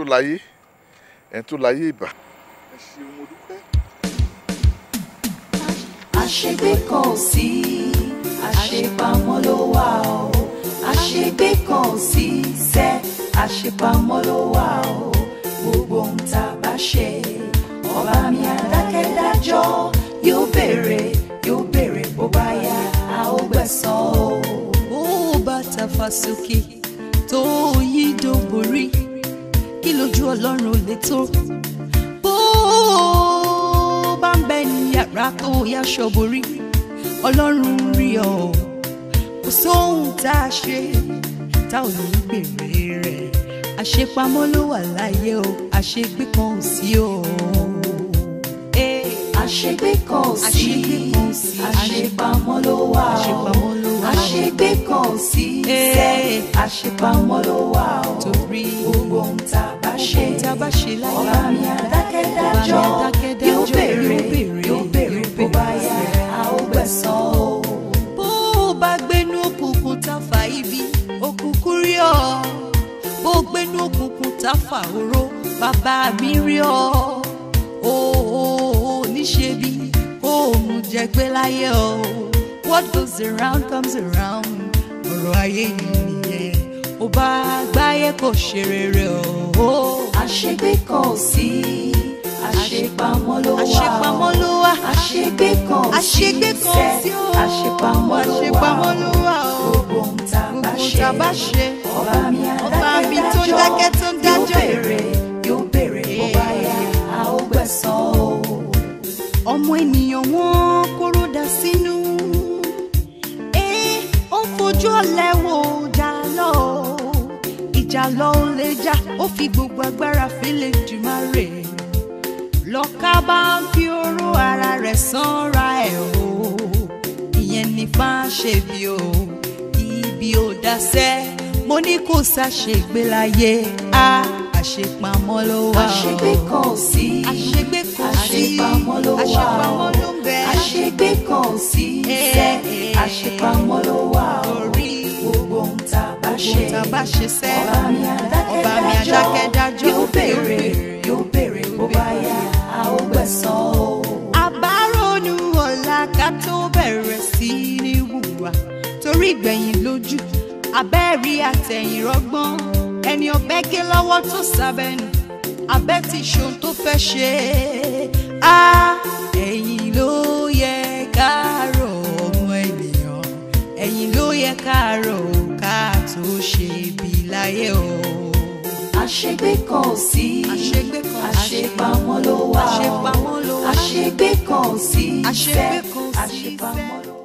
tó láyé ẹni tó láyé ìbà. ẹ ṣeun mo dúpẹ́. àṣegbé kan ò sí àṣepamọ́ ló wà o àṣegbé kan ò sí sẹ́ àṣepamọ́ ló wà o. lè tó. bó bá ń bẹ ní yàrá tó yá ṣọ́borí ọlọ́run rí ọ kò sóhun tá a ṣe tá ò ní gbèrè rẹ̀ àṣepamọ́ ló wà láyé o àṣegbé kan ò sí o. Eh, àṣegbé kan ò sí àṣepamọ́ ló wà o àṣegbé kan ò sí eh. àṣepamọ́ ló wà o ṣe láyé. ọba mi adákẹ́dájọ́ yóò béèrè yóò béèrè bó bá yá a ó gbẹ̀san o. bó o bá gbénú òkùnkùn tá a fà ibi òkùnkùn rí ọ bó o gbénú òkùnkùn tá a fà oró bàbá mi rí ọ o ò níṣe bí kó o mú jẹ gbé láyé o. what goes around comes around ọ̀rọ̀ ayé yìí nìyẹn ó bá gbáyé kò ṣe rere o. Oh, oh àṣegbé kan ò sí àṣepamọ́ ló wà àṣepamọ́ ló wà àṣegbé kan ò sí sẹ́ àṣepamọ́ ló wà gbogbo nta bá ṣe ọba mi tó dákẹ́ tó dájọ́ yóò bèrè yóò bèrè bó bá yá ó gbẹ̀san o. ọmọ ènìyàn wọn kóró dà sínú ó fojú ọ̀lẹ wò ó ìjà lọ́hún lè já ó fi gbogbo agbára fílẹ̀ jùmọ̀rè lọ́ka bá ń fi oró ara rẹ̀ sanra ẹ̀ o ìyẹn ní bá ń ṣe bí o ibi ò dasẹ́ mo ní kò ṣàṣègbè láyé a àṣepamọ́ ló wà o àṣegbé kan ò sí àṣegbé kan sí àṣepamọ́ ló wà o àṣepamọ́ kan ò sí sẹ́ eh, àṣepamọ́ ló wà o. Eh, eh ṣe tá bá ṣe sẹ́ ọba mi adákẹ́dájọ́ yóò béèrè yóò béèrè bó bá yá a ó gbẹ̀san o. àbárònú ọ̀la ká tó bẹ̀rẹ̀ sí ní wùwà torí ìgbẹ̀yìn lójú abẹ́rí àtẹ̀yìn rọ́gbọ́n ẹni ọbẹ̀ gé lọ́wọ́ tó sábẹ́nu abẹ́ ti ṣohun tó fẹ́ ṣe á ẹ̀yìn ló yẹ ká rò ọmọ ènìyàn ẹ̀yìn ló yẹ ká rò ó láyé o. àṣegbé kan ò sí àṣepamọ́ ló wà ó àṣegbé kan ò sí ìfẹ́ àṣepamọ́ ló wà ó.